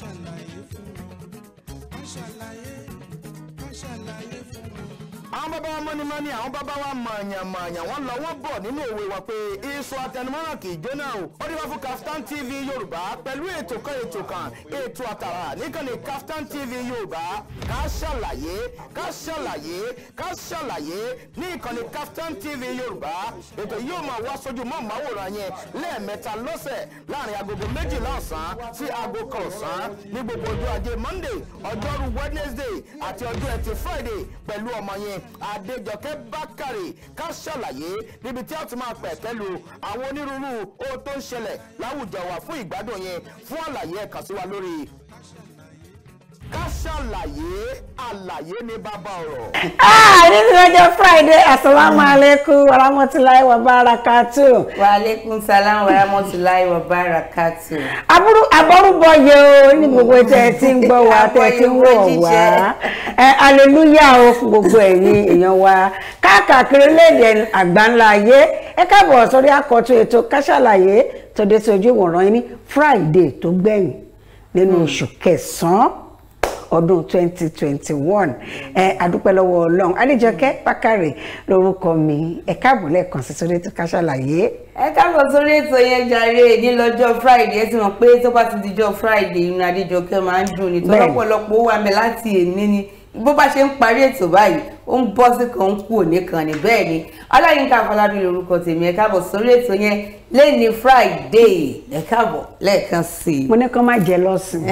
ṣàlàyé fún wọn wọ́n ṣàlàyé wọ́n ṣàlàyé fún wọn àwọn bàbá wa mọ́nimọ́ni àwọn bàbá wa mọ̀ọ̀yàn mọ̀ọ̀yàn wọ́n lọ wọ́n bọ̀ nínú òwe wa pé iṣu àtẹnumọ́ràn kì í jóná o ó dé wá fún Kaftan TV Yorùbá pẹ̀lú ètò kan ètò kan ètò àtàrà níkànnì Kaftan TV Yorùbá ká ṣàlàyé ká ṣàlàyé ká ṣàlàyé ní ìkànnì Kaftan TV Yorùbá ètò yóò máa wá sójú mọ́ màwòrán yẹn lẹ́ẹ̀mẹ́ta lọ́sẹ̀ láàrin agogo méjìlá ọ̀sán sí aago kan ọ̀sán ní gbogbo ọjọ́ ajé Wednesday àti ọjọ́ ẹtì Friday pẹ̀lú ọmọ yẹn adéjọkẹ́ bákàrè ká ṣàlàyé níbi tí a ti máa pẹ̀kẹ́ lu àwọn onírúurú ohun tó ń ṣẹlẹ̀ láwùjọ wa fún ìgbádùn yẹn fún àlàyé ẹ kàn sí wa lórí ká ṣàlàyé ní bàbá ah, friday asalaamu aleykum warahmatulahi wabarakatu. wa aleykum salaam warahmatulahi wabarakatu. aburú abọ́rúbọ yẹ o ní gbogbo tẹ ti ń gbọ́ wa tẹ ti ń wọ̀ wá aleluya o fún gbogbo ẹ̀yin èèyàn wa káàkiri léde àgbáńlá ayé ẹ káàbọ̀ sórí àkọ́tún ètò ká tòde tí ojú ìwòran yín ní friday tó gbẹ̀yìn nínú oṣù kẹsàn-án ọdún 2021 ẹ adúpẹ́ lọ́wọ́ ọlọ́run adéjọkẹ́ pákàrè lórúkọ mi ẹ káàbọ̀ lẹ́ẹ̀kan sí sórí ètò ká ṣàlàyé. ẹ káàbọ̀ sórí ètò yẹn jàre ní lọ́jọ́ friday ẹ ti mọ̀ pé tó bá ti dijọ́ friday inú adéjọkẹ́ máa ń dùn ní tọ́lọ́pọ̀lọpọ̀ wà mẹ́ láti èní ni bó bá ṣe ń parí ètò báyìí ó ń bọ́ sí kan ń kú òní kan ní bẹ́ẹ̀ ni ọláyínká afọlábí lorúkọ tèmi ẹ káàbọ̀ sórí ètò yẹn lẹ́ni friday ẹ káàbọ̀ lẹ́ẹ̀kan sí i. mo ní kó má jẹ lọ́sìn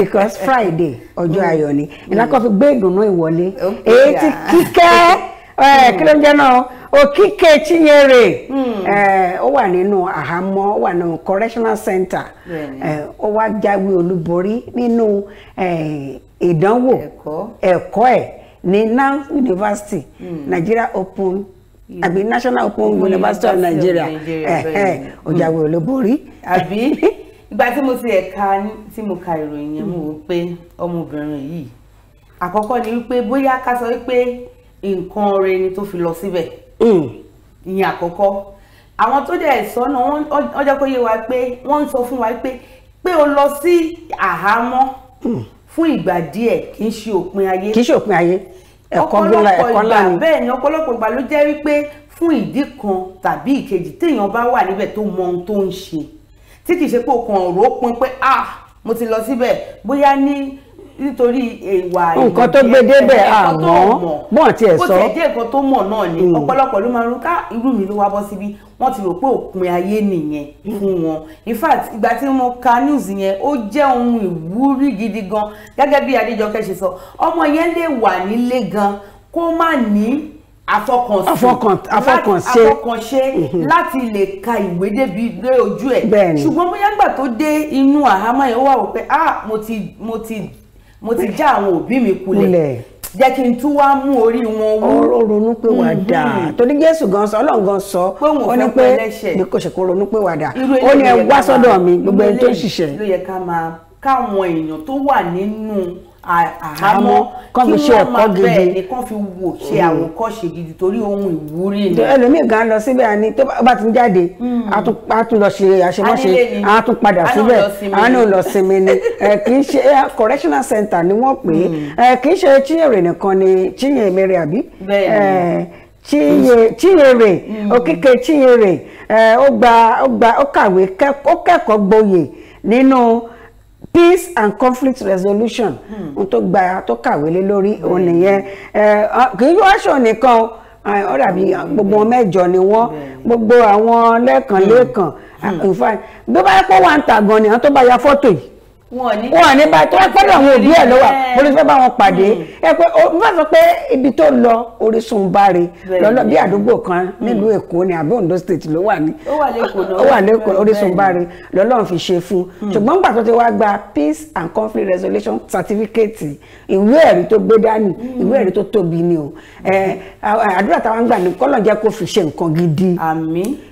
because friday ọjọ́ ayọ̀ ni ìlàkọ́ fi gbé ìdùnnú ìwọlé èyí tí kíkẹ́ kí ló ń jẹ́ náà Okike Chinyere hmm. eh, ó wà nínú àhámọ́ ó wà nínú correctional center eh, ó wá jáwé olúborí idanwo. Eh, ìdánwò ẹ̀kọ́ ẹ̀ ní NAN University hmm. Nigeria Open Abi hmm. National Open University of Nigeria ó jáwé olúborí. àbí ìgbà tí mo ti ẹ̀ka tí mo ka ìròyìn yẹn mo wò pé ọmọbìnrin yìí àkọ́kọ́ ni wípé bóyá ká sọ wípé nǹkan ọ̀rẹ́ ni tó fi lọ síbẹ̀ Mm. ìyẹn àkọ́kọ́ àwọn tó dẹ̀ sọ́nà wọ́n jẹ́ kó yé wa pé wọ́n ń sọ fún wa pé pé o lọ sí àhámọ́ mm. fún ìgbà díẹ̀ kì í ṣe òpin ayé kì í ṣe òpin ayé ẹ̀kọ́ ńlá ẹ̀kọ́ ńlá ni bẹ́ẹ̀ ni ọ̀pọ̀lọpọ̀ ìgbà ló jẹ́ wípé fún ìdí kan tàbí ìkejì téèyàn bá wà níbẹ̀ tó mọ ohun tó ń ṣe tí kì í ṣe pé o kàn rò ó pin pé ah mo ti lọ síbẹ̀ bóyá ní nítorí ìwà ìmọ̀ nǹkan tó gbé débẹ̀ àmọ́ bọ́n ti ẹ̀ sọ. bó ti jẹ́ nǹkan tó mọ̀ náà ni mm. ọ̀pọ̀lọpọ̀ ló máa ń ká irú mi ló wá bọ́ síbí wọ́n ti rò pé òpin ayé nìyẹn fún wọn in fact ìgbà tí mo ka news yẹn ó jẹ́ ohun ìwúrí gidi gan gẹ́gẹ́ bí Adéjọkẹ́ ṣe sọ ọmọ yẹn lè wà nílé gan kó má ní afọkànṣe afọkànṣe mm-hmm. láti lè ka ìwé débi lé ojú ẹ̀ ṣùgbọ́n bóyá nígbà tó dé inú àhámọ́ yẹn ó wà wò pé ah mo ti mo ti mo ti já àwọn òbí mi kulẹ̀ jẹ́ kí n tún wá mú orí wọn wú. ọ̀rọ̀ ronú pé wàá dà mhm. torí Jésù gan sọ Ọlọ́run gan sọ ó ní pé bí kò ṣe kó ronú pé wàá dà ó ní ẹ wá sọ́dọ̀ mi gbogbo ẹni tó ń ṣiṣẹ́. ló yẹ ká máa káwọn èèyàn tó wà nínú àhámọ́ kí wọ́n máa bẹ̀ẹ̀ ni kán fi wò ṣe mm. àwọn kọ́ṣe gidi torí ohun ìwúrí ni. ẹlòmíì gan lọ síbẹ̀ àní tó bá ti jáde mm. a tún lọ ṣe àṣemọ́ṣe a tún padà síbẹ̀ a náà lọ sinmi ni kì í ṣe correctional center ni wọ́n pè é mm. kì í ṣe Chinyere nìkan ni Chinyere àbí Chinyere Okike Chinyere ó gba ó kàwé ó kẹ́kọ̀ọ́ gboyè nínú. No, peace and conflict resolution hmm. ohun tó gba tó kàwé lé lórí hmm. òun nìyẹn kì í wáṣọ nìkan ó dàbí hmm. gbogbo wọn mẹ́jọ ni wọ́n gbogbo àwọn lẹ́ẹ̀kan lẹ́ẹ̀kan in fact bí ó bá yẹ kó wà ń ta gan tó bá ya fọ́tò yìí wọn ò ní bá tó ẹ pẹ́ àwọn òbí ẹ̀ lọ́wọ́ mo lè fẹ́ bá wọn pàdé hmm. ẹ pé o bá sọ pé ibi tó lọ orísun báre lọ́lọ́ bí àdúgbò kan hmm. nílùú èkó ni àbí Ondo state ló wà ní ó wà lẹ́kọ̀ọ́ orísun báre lọ́lọ́run fi ṣe fún hmm. ṣùgbọ́n nígbà tó ti wá gba peace and conflict resolution certificate ìwé ẹ̀rí tó gbé dání ìwé ẹ̀rí tó tóbi ni o àdúrà táwọn gbà ní kọ́lọ̀ jẹ́ kó fi ṣe nǹkan gidi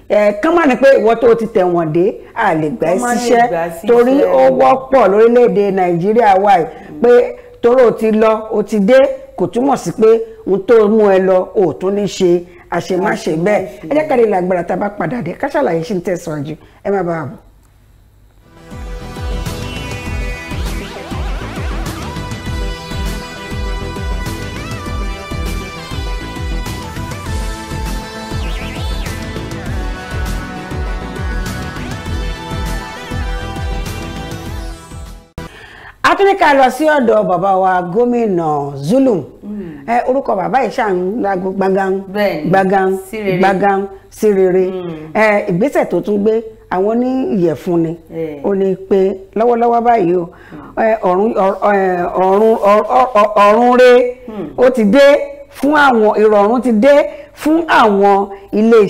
kán má ní pé ìwọ tó ti tẹ̀wọ̀n dé a lè gbà ẹ́ síṣẹ́ torí ó wọ́pọ̀ lórílẹ̀‐èdè nàìjíríà wa yìí pé toró ti lọ o ti dé kò túmọ̀ sí pé ohun tó mú ẹ lọ ò tún ní ṣe àṣemáṣe bẹ́ẹ̀ ẹ jẹ́ ká lè lágbára tá a bá padà dé ká ṣàlàyé ṣe ń tẹ̀sán jù ẹ má bàa bọ̀. tún ní ká lọ sí ọ̀dọ̀ bàbá wa gómìnà Zulum hmm. ẹ orúkọ bàbá yìí ṣàn lágbo gbangan gbangan gbangan sí rere hmm. ẹ ìgbésẹ̀ tó tún gbé àwọn ní ìyẹ̀fun ni ó ní pé lọ́wọ́lọ́wọ́ báyìí o hmm. ọ̀run ọ̀run re ó ti dé fún àwọn ìrọ̀rùn ti dé fún àwọn ilé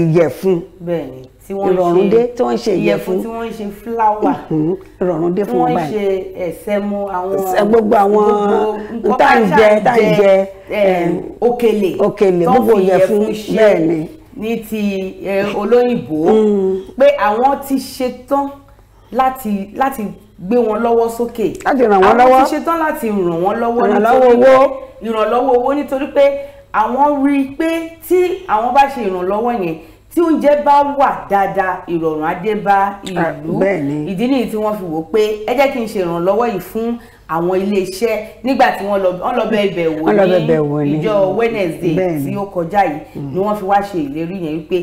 ìyẹ̀fun. bẹ́ẹ̀ni ìrọ̀rùn dé tí wọ́n ń ṣe ìyẹ̀fun tí wọ́n ń ṣe fúláwà ìrọ̀rùn mhm. dé fún wọn báyìí tí wọ́n ń ṣe ẹ̀sẹ̀mu àwọn gbogbo àwọn ntàǹjẹ ntàǹjẹ òkèlè òkèlè gbogbo ìyẹ̀fun bẹ́ẹ̀ ni ní ti eh, olóyìnbó mm. pé àwọn ti ṣetán láti láti gbé wọn lọ́wọ́ sókè láti ràn wọ́n lọ́wọ́ àwọn ti ṣetán láti ràn wọ́n lọ́wọ́ ìrànlọ́wọ́ owó nítorí pé àwọn rí i pé tí àwọn bá ṣe ìrànlọ́wọ́ yẹn tí oúnjẹ bá wà dáadáa ìrọ̀rùn adé bá ìlú ìdí nìyí tí wọ́n fi wò pé ẹ jẹ́ kí n ṣe ìrànlọ́wọ́ yìí fún àwọn iléeṣẹ́ nígbà tí wọ́n lọ bẹ ibẹ̀ wò ní ìjọ Wednesday tí ó kọjá yìí mm. ni wọ́n fi wá ṣe ìlérí yẹn wípé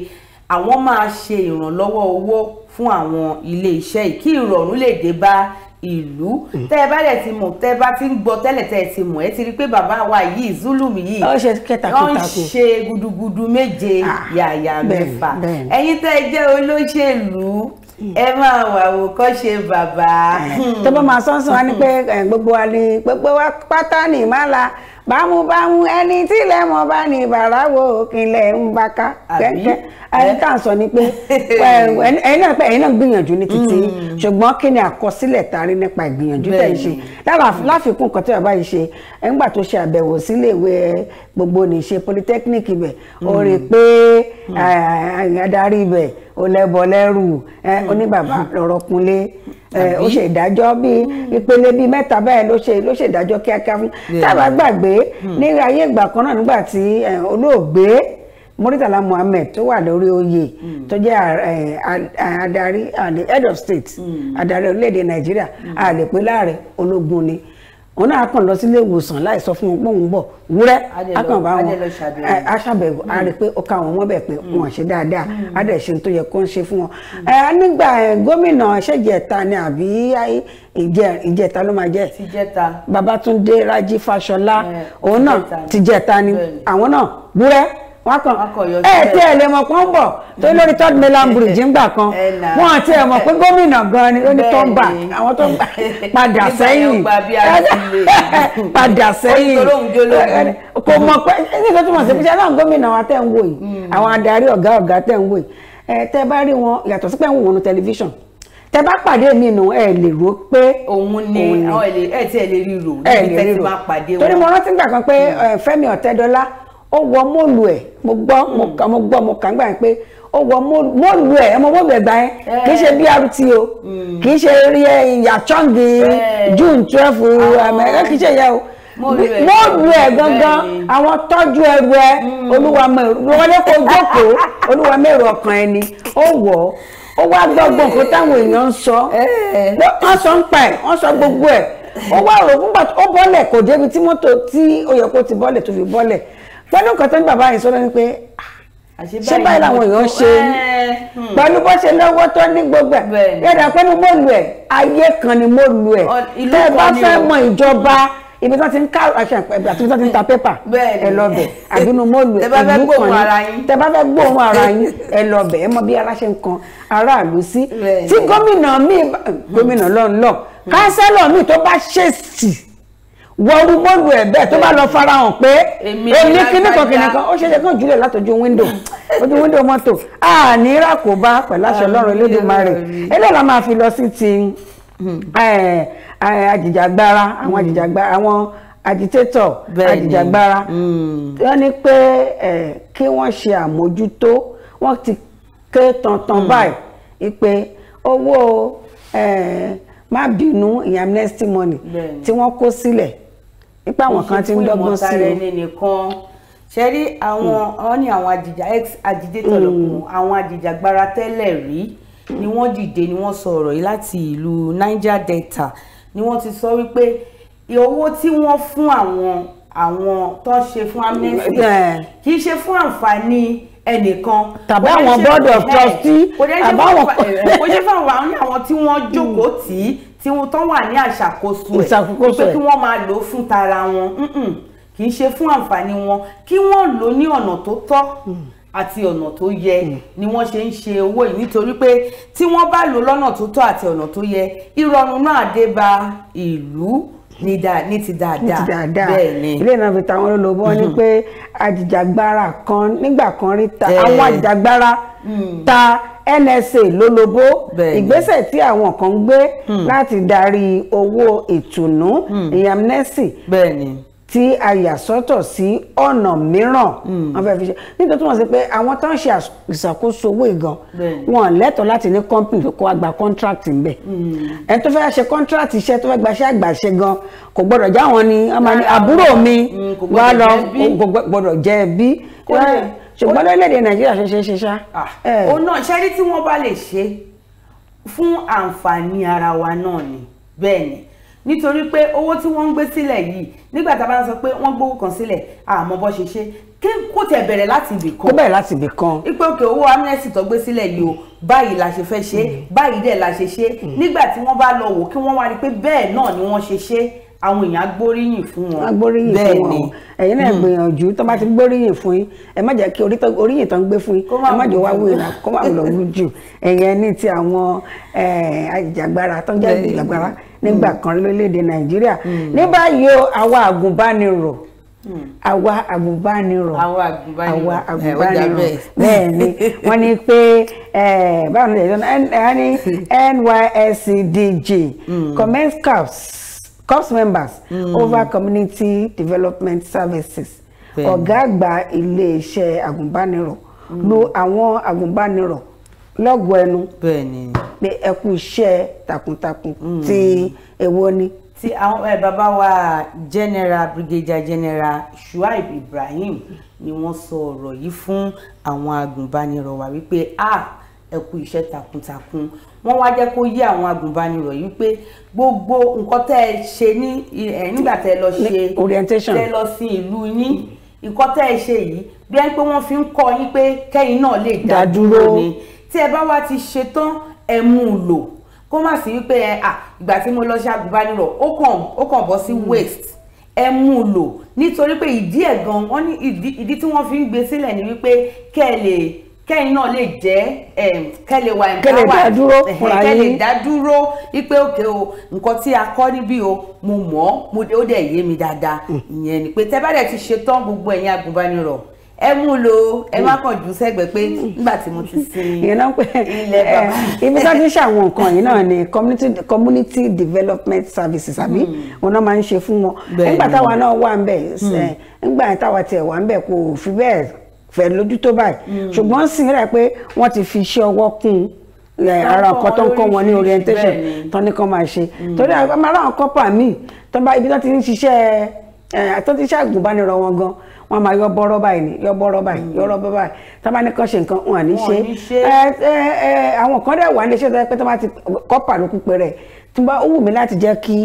àwọn máa ṣe ìrànlọ́wọ́ owó fún àwọn iléeṣẹ́ yìí kí ìrọ̀rùn lè dé bá ìlú hmm. tẹ ẹ bá dẹ ti mọ̀ tẹ ẹ bá ti ń gbọ́ tẹ́lẹ̀ tẹ ẹ ti mọ̀ ẹ ti rí pé bàbá wa yìí zulumi yìí ó ṣe kẹtàkùtàkù ó ń ṣe gudugudu méje ah, yàyà mẹ́fà ẹ̀yin tẹ ẹ jẹ́ olóṣèlú hmm. ẹ máa wà wò kọ́ ṣe bàbá. Eh, tó bá máa sọ́nsọ́n wá ní hmm. pé eh, gbogbo wa ní gbogbo wa pátá ní ìmáàlà bámúbámú ẹni tí ilẹ̀ mọ̀ bá ní ìbàráwò òkìlẹ̀ ń bá ká kẹ́kẹ́ ẹni tá à ń sọ ni pé ẹni náà pé ẹni náà gbìyànjú ní títí mm. ṣùgbọ́n kí ni àkọsílẹ̀ tari nípa ìgbìyànjú tẹ̀ ń ṣe láfikún nǹkan tí bàbá yìí ṣe nígbà tó ṣe àbẹ̀wò sílé ìwé gbogbo nìṣe polytechnic ibẹ̀ ó rí i mm. pé Hmm. adarí ibẹ̀ ó lẹ́bọ lẹ́rù hmm. oníbàbà hmm. lọ́rọ̀ kunlé ó ṣe ìdájọ́ bí ìpele bíi mẹ́ta báyìí ló ṣe ló ṣe ìdájọ́ kíákíá fún táwa gbàgbé ní ayé ìgbà kan náà nígbà tí olóògbé Muritala Muhammed tó wà lórí oyè tó jẹ́ adarí head of state adarí orílẹ̀-èdè Nàìjíríà a láàrẹ ológun ni wọn náà kàn lọ sílé ìwòsàn láì sọ fún wọn pé òun bọ̀ wúrẹ́ akàn bá wọn aṣàbẹ̀wò a hmm. rí i pé ó ká wọn wọ́n bẹ̀ pé hmm. wọn ṣe dáadáa hmm. a dẹ̀ ṣe tó yẹ kó ń ṣe fún wọn. nígbà gómìnà ṣèjẹta ni àbí ìjẹta ló máa jẹ babatunde Rájí Fáṣọlá òun náà tìjẹta ni àwọn náà wúrẹ́ wọn kàn ẹ tí ẹ lè mọ̀ pọ́n bọ̀ tó lórí third mainland bridge ńgbà kan wọn ti ẹ mọ̀ pé gómìnà gan ni ó ní tó ń bà àwọn tó ń bà padà sẹ́yìn padà sẹ́yìn kò mọ̀ pé ẹni tó túmọ̀ sí pé ṣáà gómìnà wa tẹ̀ ń wò yìí hmm. àwọn adarí ọ̀gá ọ̀gá tẹ̀ ń wò yìí ẹ tẹ́ bá rí wọn yàtọ̀ sí pé ń wò wọn tẹlifíṣàn tẹ bá pàdé mi nù ẹ lè rò pé òun ni ẹ tí ẹ lè rí rò ẹ lè rí rò torí mo rántí gbà pé hmm. Fẹ́mi Ọ̀tẹ́dọ́lá ó wọ mọ́ọ̀lù ẹ̀ mo gbọ́ hmm. mo kà mo gbọ́ mo kà ń gbà yín pé ó wọ mọ́ọ̀lù ẹ̀ ọmọ mọ́ọ̀lù ẹ̀gbà yẹn eh. kì í ṣe BRT o hmm. kì í ṣe rí ẹ ìyàtsọ́ǹgì June twelve ẹ̀mẹ́rẹ́ eh, ah. kì í ṣe yẹ o mọ́ọ̀lù ẹ̀ gangan àwọn tọ́jú ẹrù ẹ hmm. olúwa mẹ́rù wọlé kó jókòó olúwa mẹ́rù ọkàn ẹni ó wọ̀ ó wá gbọ́gbọ́ nǹkan táwọn èèyàn ń sọ eh. wọ́n sọ ń pa ẹ̀ wọ́n sọ gbogbo ẹ̀ ó wá rò ó bọ́lẹ̀ kò débi tí mọ́tò tí ó yẹ kó ti bọ́lẹ̀ tó fi bọ́lẹ̀ pẹ̀lú nǹkan tó ní bàbá yìí sọ́dọ̀ ni pé ah, ṣé báyìí làwọn èèyàn ṣe eh, hmm. pẹ̀lú bó ṣe lọ́wọ́ tó ní gbogbo ẹ̀ yàrá pẹ̀lú mo lu ẹ̀ ayé kan ni mo lu ẹ̀ tẹ́ ẹ bá fẹ́ mọ ìjọba ibi tí wọ́n ti ń ká aṣọ ẹ̀pẹ̀ àti ibi tí wọ́n ti ń ta pépà ẹ lọ bẹ̀ àbínú mọ́ọ̀lù ìlú kan ní tẹ bá fẹ́ gbóhùn ara yín ẹ lọ bẹ̀ ẹ mọ bí ara ń kan aráàlú sí tí gómìnà míì gómìnà lọ́nlọ́ hmm. kánsẹ́lọ̀ míì tó bá ṣèṣì wọ́rú mọ́lù ẹ̀ bẹ́ẹ̀ tó bá lọ farahàn pé èmi kíní kan kíní kan ó ṣe é ṣe kàn jùlẹ̀ látọjú wíńdò ojú wíńdò mọ́tò àní rákòbá pẹ̀lú àṣẹ Ọlọ́run Elédùmarè eléyìí la máa fi lọ sí ti ajìjàgbara àwọn hmm. ajìjàgbara àwọn agitator ajìjàgbara hmm. wọ́n ní pé kí wọ́n ṣe àmójútó wọ́n ti ké tantan hmm. báyìí pé owó má bínú ìyẹn amnesty money tí wọ́n kó sílẹ̀ nípa àwọn kan tí ń dọ́gbọ́n sí o ṣe rí àwọn wọn ní àwọn àjìjà ex agitator hmm. lọkùnrin àwọn àjìjàgbara tẹ́lẹ̀ rí ni wọ́n dìde ni wọ́n sọ ọ̀rọ̀ yìí láti ìlú Niger Delta ni wọ́n ti sọ wípé owó tí wọ́n fún àwọn àwọn tó ṣe fún amnesty hmm. kì í ṣe fún àǹfààní ẹnìkan tàbí àwọn board of trustee àbáwọn kò ṣe fún àwọn tí wọ́n jókòó tì í tí wọ́n tán wà ní àṣàkóso ẹ̀ pé kí wọ́n máa lò ó fún tara wọn kì í ṣe fún àǹfààní wọn kí wọ́n lò ó ní ọ̀nà tó tọ́ mm. àti ọ̀nà tó yẹ mm. ni wọ́n ṣe ń ṣe owó yìí nítorí pé tí wọ́n bá lò lọ́nà tó tọ́ àti ọ̀nà tó yẹ ìrọ̀rùn náà dé bá ìlú ní da ní ti dáadáa bẹ́ẹ̀ ni. ilé náà fi tàwọn olólobó ni pé àjìjàgbara kan nígbà kan rí ta àwọn àjìjàgbara mm. ta NSA lólobó ìgbésẹ̀ tí àwọn kan gbé hmm. láti darí owó ìtùnú hmm. ìyàmnẹ́sì tí a yà sọ́tọ̀ sí ọ̀nà mìíràn hmm. wọ́n fẹ́ fi ṣe nítorí tí wọ́n sọ pé àwọn tó ń ṣe ìṣàkóso owó ìgan wọn lẹ́tọ̀ọ́ láti ní company tó kó àgbà contract ńbẹ̀ ẹni tó fẹ́ ṣe contract iṣẹ́ tó fẹ́ gbaṣẹ́ àgbàṣe gan kò gbọ́dọ̀ já ni àbúrò mi wà lọ kò gbọ́dọ̀ jẹ́ bí ṣùgbọ́n lórílẹ̀‐èdè nàìjíríà ṣe ṣe ṣe ṣá. òun ah. náà ṣẹ́rí tí wọ́n bá lè ṣe fún àǹfààní ara wa náà ni bẹ́ẹ̀ ni nítorí pé owó tí wọ́n ń gbé sílẹ̀ yìí nígbà tá a bá ń sọ pé wọ́n gbówó kan sílẹ̀ àmọ́ bó ṣe ṣe kí kò tẹ̀ bẹ̀rẹ̀ láti ibì kan. kó bẹ̀rẹ̀ láti ibì kan. ipe òkè owó amnesty tó gbé sílẹ̀ yìí o báyìí la ṣe fẹ́ ṣe mm. báyìí dẹ̀ la ṣe ṣe mm. nígbà tí wọ́n bá lọ wò kí wọ́n wá rí i pé bẹ́ẹ̀ náà ni wọ́n ṣe ṣe àwọn èèyàn agbóríyìn fún wọn agbóríyìn fún wọn ẹ̀yin náà hmm. gbìyànjú tó bá ti gbóríyìn fún yín ẹ má jẹ́ kí oríyìn tó ń gbé fún yín ẹ má jẹ́ wá wúwo ìlà kó má lọ wú jù ẹ̀yin ní ti àwọn ajìjàgbara tó ń jẹ́ ajìjàgbara nígbà hmm. kan lórílẹ̀‐èdè nàìjíríà hmm. ní báyìí o àwa àgùnbánirọ̀ àwa àgùnbánirọ̀ àwa àgùnbánirọ̀ bẹ́ẹ̀ ni wọ́n ní pé báwo ni ẹ̀yọ́ ní nyscdg commence caps. COPS members mm. over community development services ọ̀gá àgbà iléeṣẹ́ agunbaniro. Mm. lo àwọn agunbaniro. lọ́gọ̀ ẹnu pé ẹ kú iṣẹ́ takuntakun mm. Ti èwo ni. ti àwọn ẹ eh, bàbá wa general brigadier general shuaib ibrahim ni wọ́n sọ ọ̀rọ̀ yìí fún àwọn agùnbánirọ̀ wa wípé a ah, ẹ kú iṣẹ́ takuntakun wọ́n wá jẹ́ kó yé àwọn agùnbánirọ̀ yìí pé gbogbo nǹkan tẹ́ ẹ ṣe ní nígbà tẹ́ ẹ lọ ṣe orientation tẹ́ ẹ lọ sí ìlú yín nǹkan tẹ́ ẹ ṣe yìí bí ẹni pé wọ́n fi ń kọ́ yín pé kẹ́yìn náà lè dá dúró ni tí ẹ bá wá ti ṣetán ẹ mú un lò kó má sí wípé ẹ à ìgbà tí mo lọ ṣe agùnbánirọ̀ ó kàn ó kàn bọ́ sí hmm. waste ẹ mú un lò nítorí pé ìdí ẹ̀ gan wọ́n ní ìdí tí wọ́n fi ń gbé sílẹ̀ ni wípé kẹ́ ẹ lè kẹ́yìn náà lè jẹ́ eh, kẹ́lẹ̀ wà empowered kẹ́lẹ̀ dádúró wípé òkè o nǹkan tí a kọ́ níbí o mo mọ̀ mo ó dẹ̀ yé mi dáadáa hmm. ìyẹn ni pé tẹ́ bá dẹ̀ ti ṣetán gbogbo ẹ̀yin agùnbánirọ̀ ẹ mú lo ẹ má hmm. kàn jù sẹ́gbẹ̀ pé nígbà tí mo ti sin ilẹ̀ eh, bàbá. Eh, ibi tó ti ń ṣàwọn nǹkan yìí náà ni community community development services àbí wọn hmm. náà máa ń ṣe fún wọn nígbà táwa náà wà ń bẹ̀ nígbà táwa tiẹ̀ wà ń bẹ̀ kò fi bẹ́ẹ̀ fẹ́ lójú tó báyìí mm. ṣùgbọ́n sì rẹ̀ pé wọ́n ti fi iṣẹ́ ọwọ́ kún un ara nǹkan tó ń kọ́ wọn ní orientation tó ní kan máa ṣe mm. torí àwọn ọmọ aráàlú kọ́pà míì tó bá ibi tó ti ń ṣiṣẹ́ tó ti ṣe àgùnbánirọ̀ wọn gan wọn máa yọ bọ́rọ́ báyìí ni yọ bọ́rọ́ báyìí yọ bọ́rọ́ mm. báyìí tó bá ní kan ṣe nǹkan wọn ní ṣe àwọn kan dẹ̀ wà ní iṣẹ́ tó yẹ pé tó bá ti kọ́pà ló kúpe rẹ̀ tó bá ó wù mí láti jẹ́ kí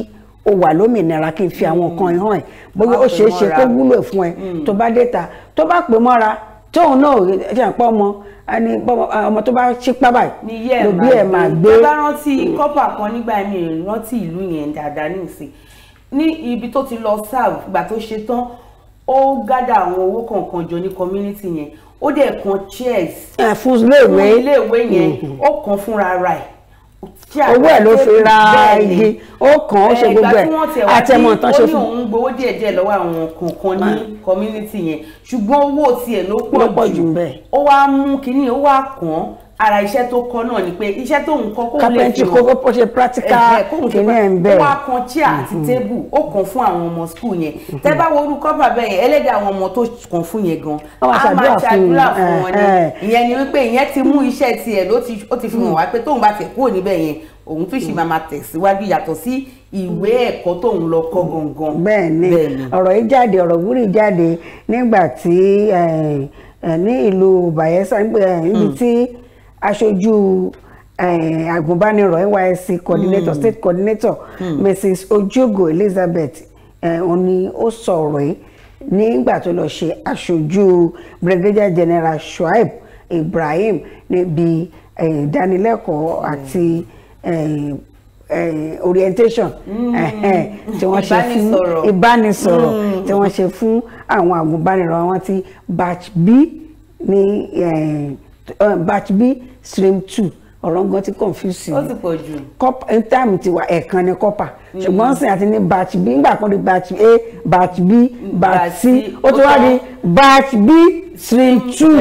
o wà lómìnira kí n fi àwọn nǹkan hàn ẹ́ bóyá ó ṣeé ṣe kó wúlò fún ẹ tó bá dé ta tó bá pè mọ́ra tóun náà jẹ́ àpọ̀ ọmọ ẹni ọmọ tó bá ṣípá báyìí lòbí ẹ̀ máa gbé. bá rántí kọ́pà kan nígbà mi ò rántí ìlú yẹn dáadáa ní ìsìn ní ibi tó ti lọ serve ìgbà tó ṣe tán ó gádà àwọn owó kọ̀ọ̀kan jọ ní community yẹn ó dẹ̀ kan chairs. Eh, fún iléèwé yẹn mm-hmm. ó kan fúnra ra ẹ̀ owó ẹ̀ ló fi ra igi ó kàn ó ṣe gbogbo ẹ̀ àtẹmọ̀ tán ṣe fún. ó ní òun gbowó díẹ̀ díẹ̀ lọ́wọ́ àwọn kọ̀ọ̀kan ní ah. community yẹn ṣùgbọ́n owó tiẹ̀ ló pọ̀ jù ó wá mú kínní ó wá kàn án ara iṣẹ́ tó kọ́ náà ni pé iṣẹ́ tóun kọ́ kóun lè fi hàn kó ṣe practical kìíní ẹ̀ ń bẹ̀. wọ́n á kan chair àti mm-hmm. table ó kàn fún àwọn ọmọ school yẹn mm-hmm. tẹ́ bá wo orúkọ bàbá yẹn ẹlẹ́dẹ̀ àwọn ọmọ tó kàn fún yẹn gan a máa ṣàdúrà fún wọn ni ìyẹn ni wípé ìyẹn ti mú iṣẹ́ tiẹ̀ ló ti fi hàn mm. wá pé tóun bá tẹ̀ kúrò níbẹ̀ yẹn òun tún ṣì máa ma tẹ̀síwájú yàtọ̀ sí ìwé ẹ̀kọ́ tóun lọ kọ́ gangan. bẹ́ẹ̀ni ọ̀rọ̀ yìí jáde ọ̀rọ̀ wúrì jáde nígbà tí eh, eh, ní ìlú Bayelsa eh, níbi mm. tí aṣojú eh, agùnbánirọ̀ NYSC coordinator hmm. state coordinator mm. Mrs. Ojogo Elizabeth eh, òun ni ó sọ ọ̀rọ̀ yìí nígbà tó lọ ṣe aṣojú Brigadier General Shuaib Ibrahim níbi eh, ìdánilẹ́kọ̀ọ́ hmm. àti orientation hmm. tí wọ́n ṣe fún ìbánisọ̀rọ̀ tí wọ́n ṣe fún àwọn agùnbánirọ̀ wọn ti batch B ní um, batch b stream two ọ̀rọ̀ gan ti confuse mi. ó ti pọ̀ jù. copper eh, time ti wà ẹ̀ẹ̀kan ní copper mm. ṣùgbọ́n sìn àti ní batch b ńgbà kan di batch a batch b batch c ó ti wá di batch b stream two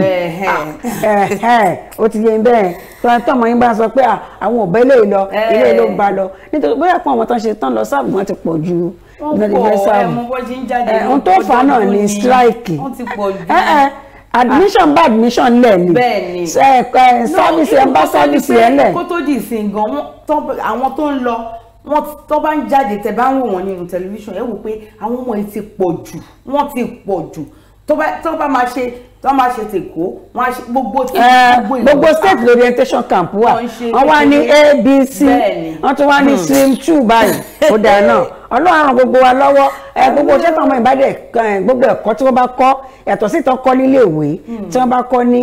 ah, ó ti yẹ bẹ́ẹ̀ tọ́ni tọ́mọ yín bá sọ pé ah, àwọn ọ̀bẹ ilé ìlọ ilé ìlọ ń ba lọ nítorí bóyá pọ́n ọmọ tán ṣe tán lọ sáàbù wọn ti pọ̀ jù wọn ti fẹ́ sáàbù ohun tó fà náà ni strike. wọ́n ti pọ̀ jù. Eh, admission bá admission lẹ̀ ni bẹ́ẹ̀ni service ẹ̀ ń bá service ẹ̀ lẹ̀. kó tó di ìsìn gan àwọn tó ń lọ wọn tó bá ń jáde tẹ bá ń wò wọn nínú tẹlifíṣàn ẹ wò pé àwọn ọmọ yìí ti pọ̀ jù wọ́n ti pọ̀ jù tó bá máa ṣe tó máa ṣe tèkó wọn gbogbo eh, gbogbo state ah, lórí orientation camp wà wọn wá ní abc wọn tún wá ní hmm. slim two báyìí ó dáa náà ọlọ́run gbogbo wa lọ́wọ́ ẹ eh, gbogbo ṣé tọmọ ìbádẹ eh, gbogbo ẹ̀kọ́ tí wọ́n bá kọ́ yàtọ̀ sí tán kọ́ nílé ìwé hmm. tí wọ́n bá kọ́ ní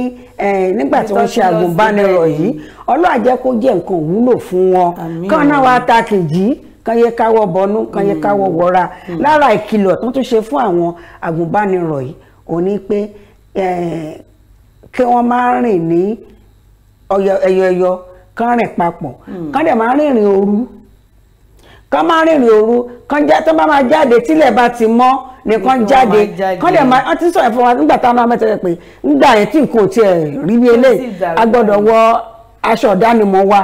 nígbà tí wọ́n ṣe àgùnbánirọ̀ yìí ọlọ́run àjẹ́ kó jẹ́ nǹkan wúlò fún wọn kán náà wá ta kejì kan yẹ káwọ́ bọnú kan yẹ káwọ́ hmm. wọra lára ìkìlọ̀ tó tún ṣe fún àwọn àgùnbánirọ̀ yìí òní pé Eh, kí wọ́n máa rìn ní ẹyọ ẹyọ kán rìn papọ̀ hmm. kán dẹ̀ máa rìnrìn òru kán máa rìnrìn òru kán já tán bá máa jáde tílẹ̀ bá ti mọ́ nìkan jáde kán dẹ̀ máa ti sọ̀rọ̀ fún wa nígbà tá a máa mẹ́tẹ̀ẹ̀ pé nígbà yẹn tí nǹkan ò tiẹ̀ rí bí eléyìí a gbọ́dọ̀ wọ aṣọ ìdánimọ̀ wa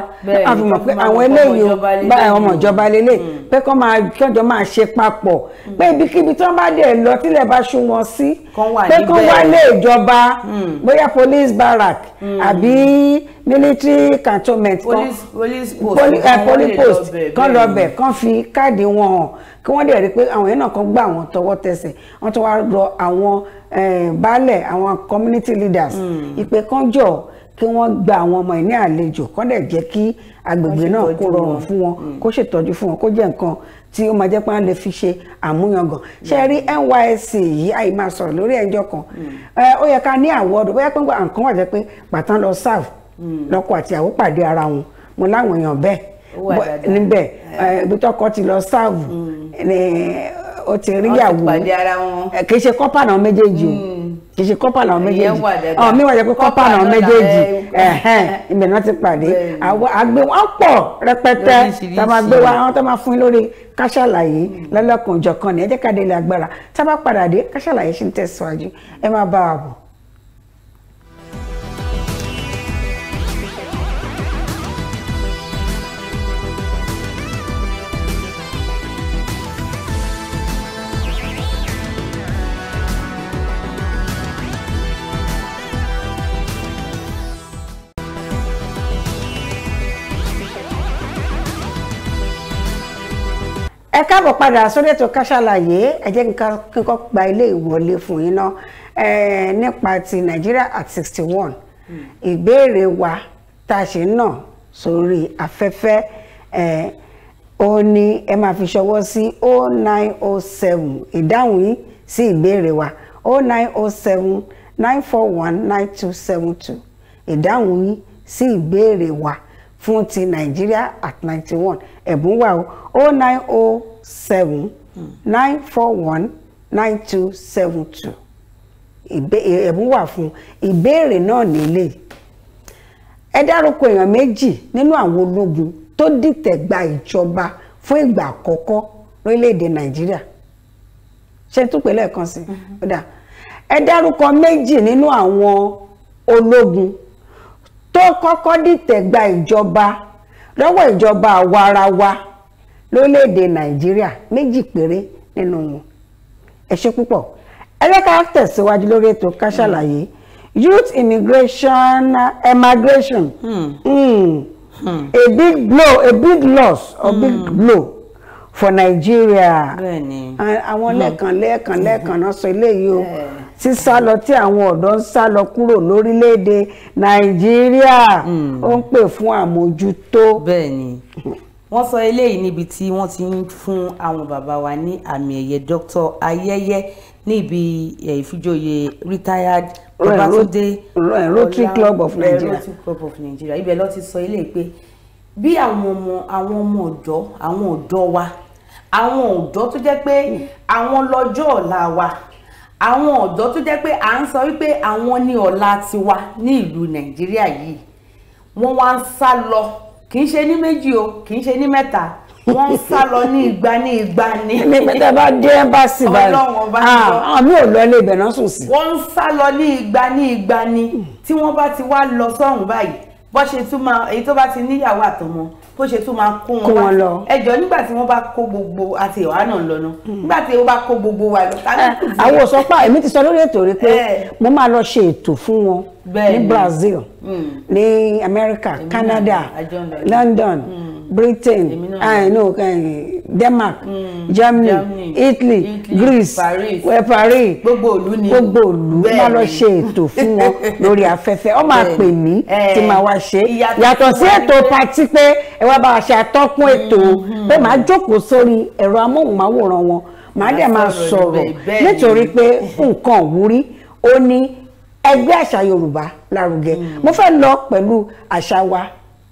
a fi mọ̀ pé àwọn eléyìí bá ọmọ ìjọba lélẹ̀ hmm. pé kọ́ máa kọ́jọ́ máa ṣe papọ̀ hmm. pé ibikíbi tí wọ́n bá dé lọ tílẹ̀ bá ṣú wọn sí pé kọ́ wá lé ìjọba hmm. bóyá police barrack àbí military cantonment kan police post kan eh, lọ bẹ̀ kan fi káàdì wọn hàn kí wọ́n dẹ̀ rí pé àwọn yẹn náà kan gbà wọ́n tọwọ́ tẹsẹ̀ wọ́n tún wá rọ àwọn eh, baálẹ̀ àwọn community leaders ìpè kan jọ̀ọ́ kí wọ́n gba àwọn ọmọ ẹ̀ ní àlejò kó dẹ̀ jẹ́ kí agbègbè náà kó rọrùn fún wọn mm. kó ṣètọ́jú fún wọn kó jẹ́ nǹkan tí ó máa jẹ́ pé wọ́n lè fi ṣe àmúyangàn ṣe rí NYSC yìí àyè máa sọ̀rọ̀ lórí ẹjọ́ kan mm. ó yẹ ká ní àwọ̀dù bóyá pé nǹkan wà jẹ́ pé pàtàn lọ sáàf mm. lọ́kọ àti àwọn pàdé ara wọn mo láwọn èèyàn bẹ́ẹ̀ níbẹ̀ ibi tọkọ ti lọ sáàf ó ti rí ìyàwó kì í ṣe kọ́pà náà méjèèjì o kì í ṣe kọ́pà làwọn méjèèjì ọ̀hún mi wà jẹ́ pé kọ́pà làwọn méjèèjì ibẹ̀ náà ti pàdé àgbẹ̀ wọn pọ̀ rẹpẹtẹ tá a máa gbé wa àwọn tó máa fún yín lórí ká ṣàlàyé lọ́lọ́kan òjọ̀kan ní ẹ jẹ́ ká agbára tá padà dé ká ṣe ń tẹ̀síwájú ẹ máa bá wa bọ̀. ẹ káàbọ̀ padà sórí ètò Ká Sálàyé ẹ jẹ́ kí n kọ́ gba ilé ìwọlé fún yín nípa ti Nigeria at sixty one hmm. ìbéèrè wa tá a ṣe náà sórí afẹ́fẹ́ ó ní ẹ máa fi ṣọwọ́ sí oh nine o oh seven ìdáhùn yín sí ìbéèrè wa oh nine o oh seven nine four one nine two seven two ìdáhùn yín sí ìbéèrè wa fún ti nàìjíríà at ninety one ẹ̀bùn wà o oh nine oh seven nine four one nine two seven two ẹ̀bùn wà fún ìbéèrè náà nílé ẹ dárúkọ èèyàn méjì nínú àwọn ológun tó dìtẹ̀ gba ìjọba fún ìgbà àkọ́kọ́ lórílẹ̀‐èdè nàìjíríà ṣe tún pè lẹ́ẹ̀kan sí i mm-hmm. ẹ dárúkọ méjì nínú àwọn ológun tó kọ́kọ́ dìtẹ̀ gba ìjọba lọ́wọ́ ìjọba àwarawa lórílẹ̀‐èdè nàìjíríà méjì péré nínú wọn ẹ ṣe púpọ̀ ẹlẹ́ka tẹ̀síwájú lórí ètò ká ṣàlàyé youth immigration emigration hmm. Mm. Hmm. a big blow a big loss a hmm. big blow for Nigeria àwọn lẹ́ẹ̀kan lẹ́ẹ̀kan lẹ́ẹ̀kan náà sọ eléyìí o. Yeah sísálọ tí àwọn ọ̀dọ́ ń sálọ kúrò lórílẹ̀‐èdè nàìjíríà hmm. ó ń pè fún àmójútó. bẹ́ẹ̀ni wọ́n sọ eléyìí níbi tí wọ́n ti ń fún àwọn bàbá wa ní àmì ẹ̀yẹ Dr. ayẹyẹ níbi ìfijóyè retired Babátúndé Rotary Club of Nigeria Rotary Club of Nigeria ibẹ̀ ló ti sọ eléyìí pé bí àwọn ọmọ àwọn ọmọ ọ̀dọ́ àwọn ọ̀dọ́ wa àwọn ọ̀dọ́ tó jẹ́ pé hmm. àwọn lọ́jọ́ ọ̀la wa àwọn ọ̀dọ́ tó jẹ́ pé à ń sọ wípé àwọn ní ọ̀la tiwa ní ìlú nàìjíríà yìí wọ́n wá ń sá lọ kì í ṣe ní méjì o kì í ṣe ní mẹ́ta wọ́n ń sá lọ ní igba ní igba ní. ẹni pẹ́tẹ́ bá dé ẹ́mbáàsì báyìí ọlọ́run bá ah, ò lọ ilé ibẹ̀ náà sùn sí. wọ́n ń sá lọ ní igba ní igba ní tí wọ́n bá ti wá lọ sọ́hùn báyìí bó ṣe tún máa èyí tó bá ti níyàwó àtọmọ bó ṣe tún máa kó wọn lọ ẹjọ nígbà tí wọ́n bá kó gbogbo àti ìwà náà lọ ná hmm. nígbà tí wọ́n bá kó gbogbo wa lọ. Eh, àwọn ò sọ pé èmi ti sọ lórí ètò rí pé eh. mo máa lọ ṣe ètò fún wọn ní Brazil hmm. ní America Canada London. Mm britain uh, no, uh, denmark mm. germany, germany italy, italy greece paris eh, gbogbo òlu ni gbogbo òlu máa lọ ṣe ètò fún wọn lórí afẹ́fẹ́ ọ máa pè mí eh, tí màá wá ṣe yàtọ̀ sí ètò patí pé ẹ wá bá wa ṣe àtọ́kùn ètò hmm. pé màá jókòó sórí ẹ̀rọ amóhùnmáwòrán wọn màá dẹ̀ máa sọ̀rọ̀ nítorí pé nǹkan òwúrí ó ní àṣà yorùbá lárugẹ hmm. mo fẹ́ lọ pẹ̀lú àṣà wa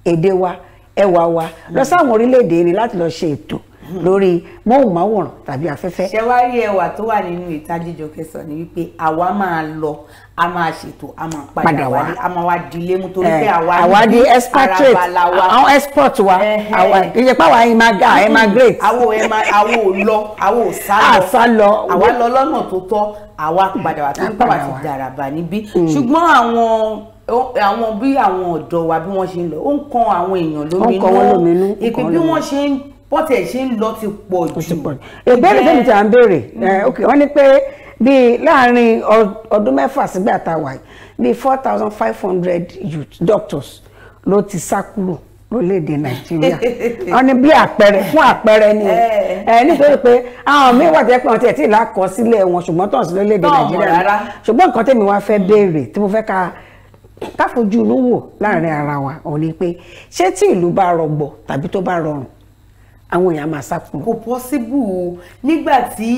èdè wa ẹwà wa lọ sáwọn orílẹ̀-èdè ni láti lọ ṣe ètò lórí móhùnmáwòrán tàbí afẹ́fẹ́. ṣé wàá rí ẹwà tó wà nínú ìtajìjọ kẹsàn-án ni wípé àwa máa lọ a máa ṣètò a máa padà wá a máa wá di ilé mú torí pé eh, àwa ní expatriate àwọn export wa eh, eh. àwa ìyẹpá wa emigrate. àwo ò lọ àwo ò sá lọ àwa lọ lọ́nà tó tọ́ àwa padà wá tó ń pàwá ti dàràbà níbí mm. ṣùgbọ́n àwọn àwọn bí àwọn ọ̀dọ́ wa bí wọ́n ṣe ń lọ ó ń kan àwọn èèyàn lóminú ìpè bí wọ́n ṣe ń bọ́tẹ̀ ṣe ń lọ ti pọ̀ jù. ìbéèrè tẹ́lẹ̀ tí a ń béèrè mm. wọ́n ní pé bíi láàárín ọdún mẹ́fà sígbà tá a wà bíi four thousand five hundred youth doctors ló ti sá kúrò lórílẹ̀‐èdè nàìjíríà wọ́n ní bí àpẹẹrẹ fún àpẹẹrẹ ni ẹ nítorí pé àwọn míín wà tẹ́ pé wọ́n ti ẹ̀ tí ì lákọsílẹ̀ wọn ṣùgbọ́n tọ̀sí lórílẹ̀‐èdè nàìjíríà ṣùgbọ́n nǹkan tèmi wá fẹ́ béèrè tí mo fẹ́ ka káfojú inú wò láàrin ara wa òun ni pé ṣé tí ìlú bá rọgbọ tàbí tó bá rọrùn àwọn èèyàn máa sá kúrò. kò pọ́síbù nígbà tí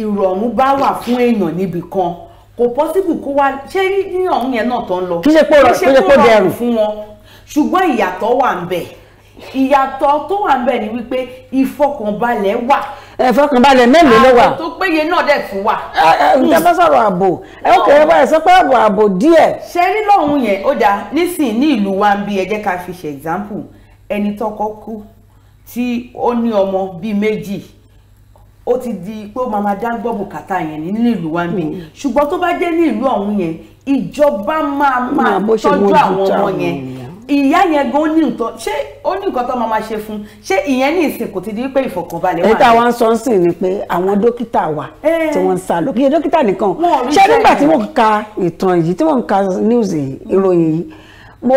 ìrọ̀rùn bá wà fún èèyàn níbì kan kò pọ́síbù kó wá ṣé ní ọ̀hún yẹn náà tó ń lọ kí ṣe kó rọrùn fún wọn ṣùgbọ́n ìyàtọ̀ wà ń bẹ̀ ìyàtọ̀ tó wà ń bẹ̀ ni wípé ìfọkànbalẹ̀ wà. ìfọkànbalẹ̀ mélòó ló wà. ààbò tó péye náà dẹ̀ tún wà. ǹjẹ́ bá sọ̀rọ̀ ààbò ẹ ó kéré báyìí sọ pé ààbò ààbò díẹ̀. ṣe rí lọ́hùn yẹn ó dáa nísìnyí ní ìlú wa ń bí ẹ jẹ́ ká fi ṣe example ẹni tọkọ kú tí ó ní ọmọ bíi méjì ó ti di pé ó máa máa dá gbọ́ bùkátà yẹn nínú ìlú wa ń bí mm. ṣùgbọ́n tó bá jẹ́ ní ìlú ọ̀hún yẹn ìjọba máa máa mm, tọ́jú àwọn ọmọ yẹn ìyá yẹn gan ó ní nǹkan ṣé ó ní nǹkan tó máa máa ṣe fún ṣé ìyẹn ní ìsìn kò ti di pé ìfọ̀kànbalẹ̀ wà. èyí táwa ń sọ ń sìn ni pé àwọn dókítà wa eh. tí wọ́n ń sá lọ kí dókítà nìkan ṣé nígbà tí wọ́n ka ìtàn yìí tí wọ́n ka news ìròyìn yìí mo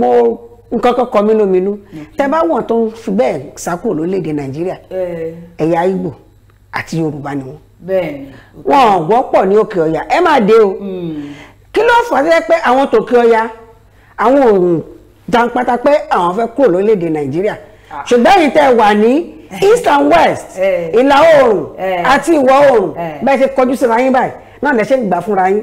mo nǹkan kan kọ mí lóminú mm-hmm. tẹ bá wọn tó ń fi bẹ́ẹ̀ sákò lórílẹ̀‐èdè nàìjíríà eh. ẹ̀yà Ìgbò àti Yorùbá ni wọn wọn ò wọ́pọ̀ ní òkè ọ̀yà ẹ má dé o mm. kí ló fà á sí pé àwọn tòkè ọ̀yà àwọn òun jàǹpátá pé àwọn fẹ́ kúrò lórílẹ̀‐èdè nàìjíríà ah. ṣùgbọ́n yìí tẹ́ wà ní eh. east and west eh. ìlà oòrùn eh. àti ìwọ̀ oòrùn bẹ́ẹ̀ ṣe kọjú síra yín báyìí náà lẹ ṣe ń gbà fúnra yín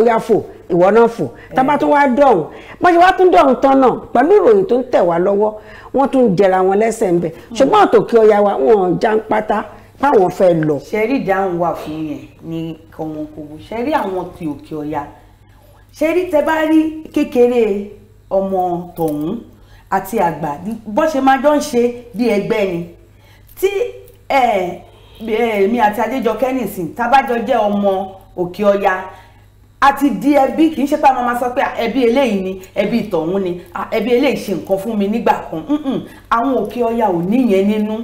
ó yá fò ìwọ náà fò tábà tó wá dọ̀hún bọ́n ṣe wá tún dọ̀hún tán náà pẹ̀lú ìròyìn tó ń tẹ̀ wá lọ́wọ́ wọ́n tún jẹra wọn lẹ́sẹ̀ ń bẹ̀ hmm. ṣùgbọ́n àtòkè ọya wa wọn jàǹpátá páwọn fẹ́ lọ. ṣe rí ìdáhùn wà fún yẹn ní ọmọ kòwò ṣe rí àwọn ti òkè ọya ṣe rí tẹ bá rí kékeré ọmọ tọ̀hún àti àgbà bó ṣe máa jọ ń ṣe bí ẹgbẹ́ ni tí èmi àti adéjọkẹ́ nìsín tábàjọ jẹ́ ọmọ òkè ọya àti di ẹbí kì í ṣe pé a máa sọ pé ẹbí eléyìí ni ẹbí tọ̀hún ni ẹbí eléyìí ṣe nǹkan fún mi nígbà kan àwọn òkè ọya ò níyẹn nínú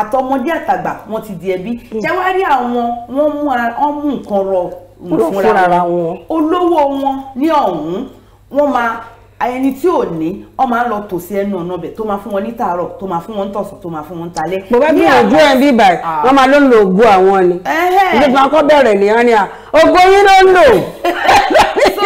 àtọmọdé àtàgbà wọn ti di ẹbí mm. ṣé wá rí àwọn wọn mú nǹkan rọ fúnra wọn olówó wọn ní ọ̀hún wọ́n máa ẹni tí ò ní ọ máa ń lọ tòsí ẹnu ọ̀nà ọbẹ̀ tó máa fún wọn ní tàárọ̀ tó máa fún wọn ní tọ̀sán tó máa fún wọn ní talẹ́. mo bá bí ojú ẹ bí ibà ah. wọn máa ló ń lo ògo àwọn ni ilé tí kọ bẹ̀rẹ̀ nìyẹn ni à yín ló ń lò. so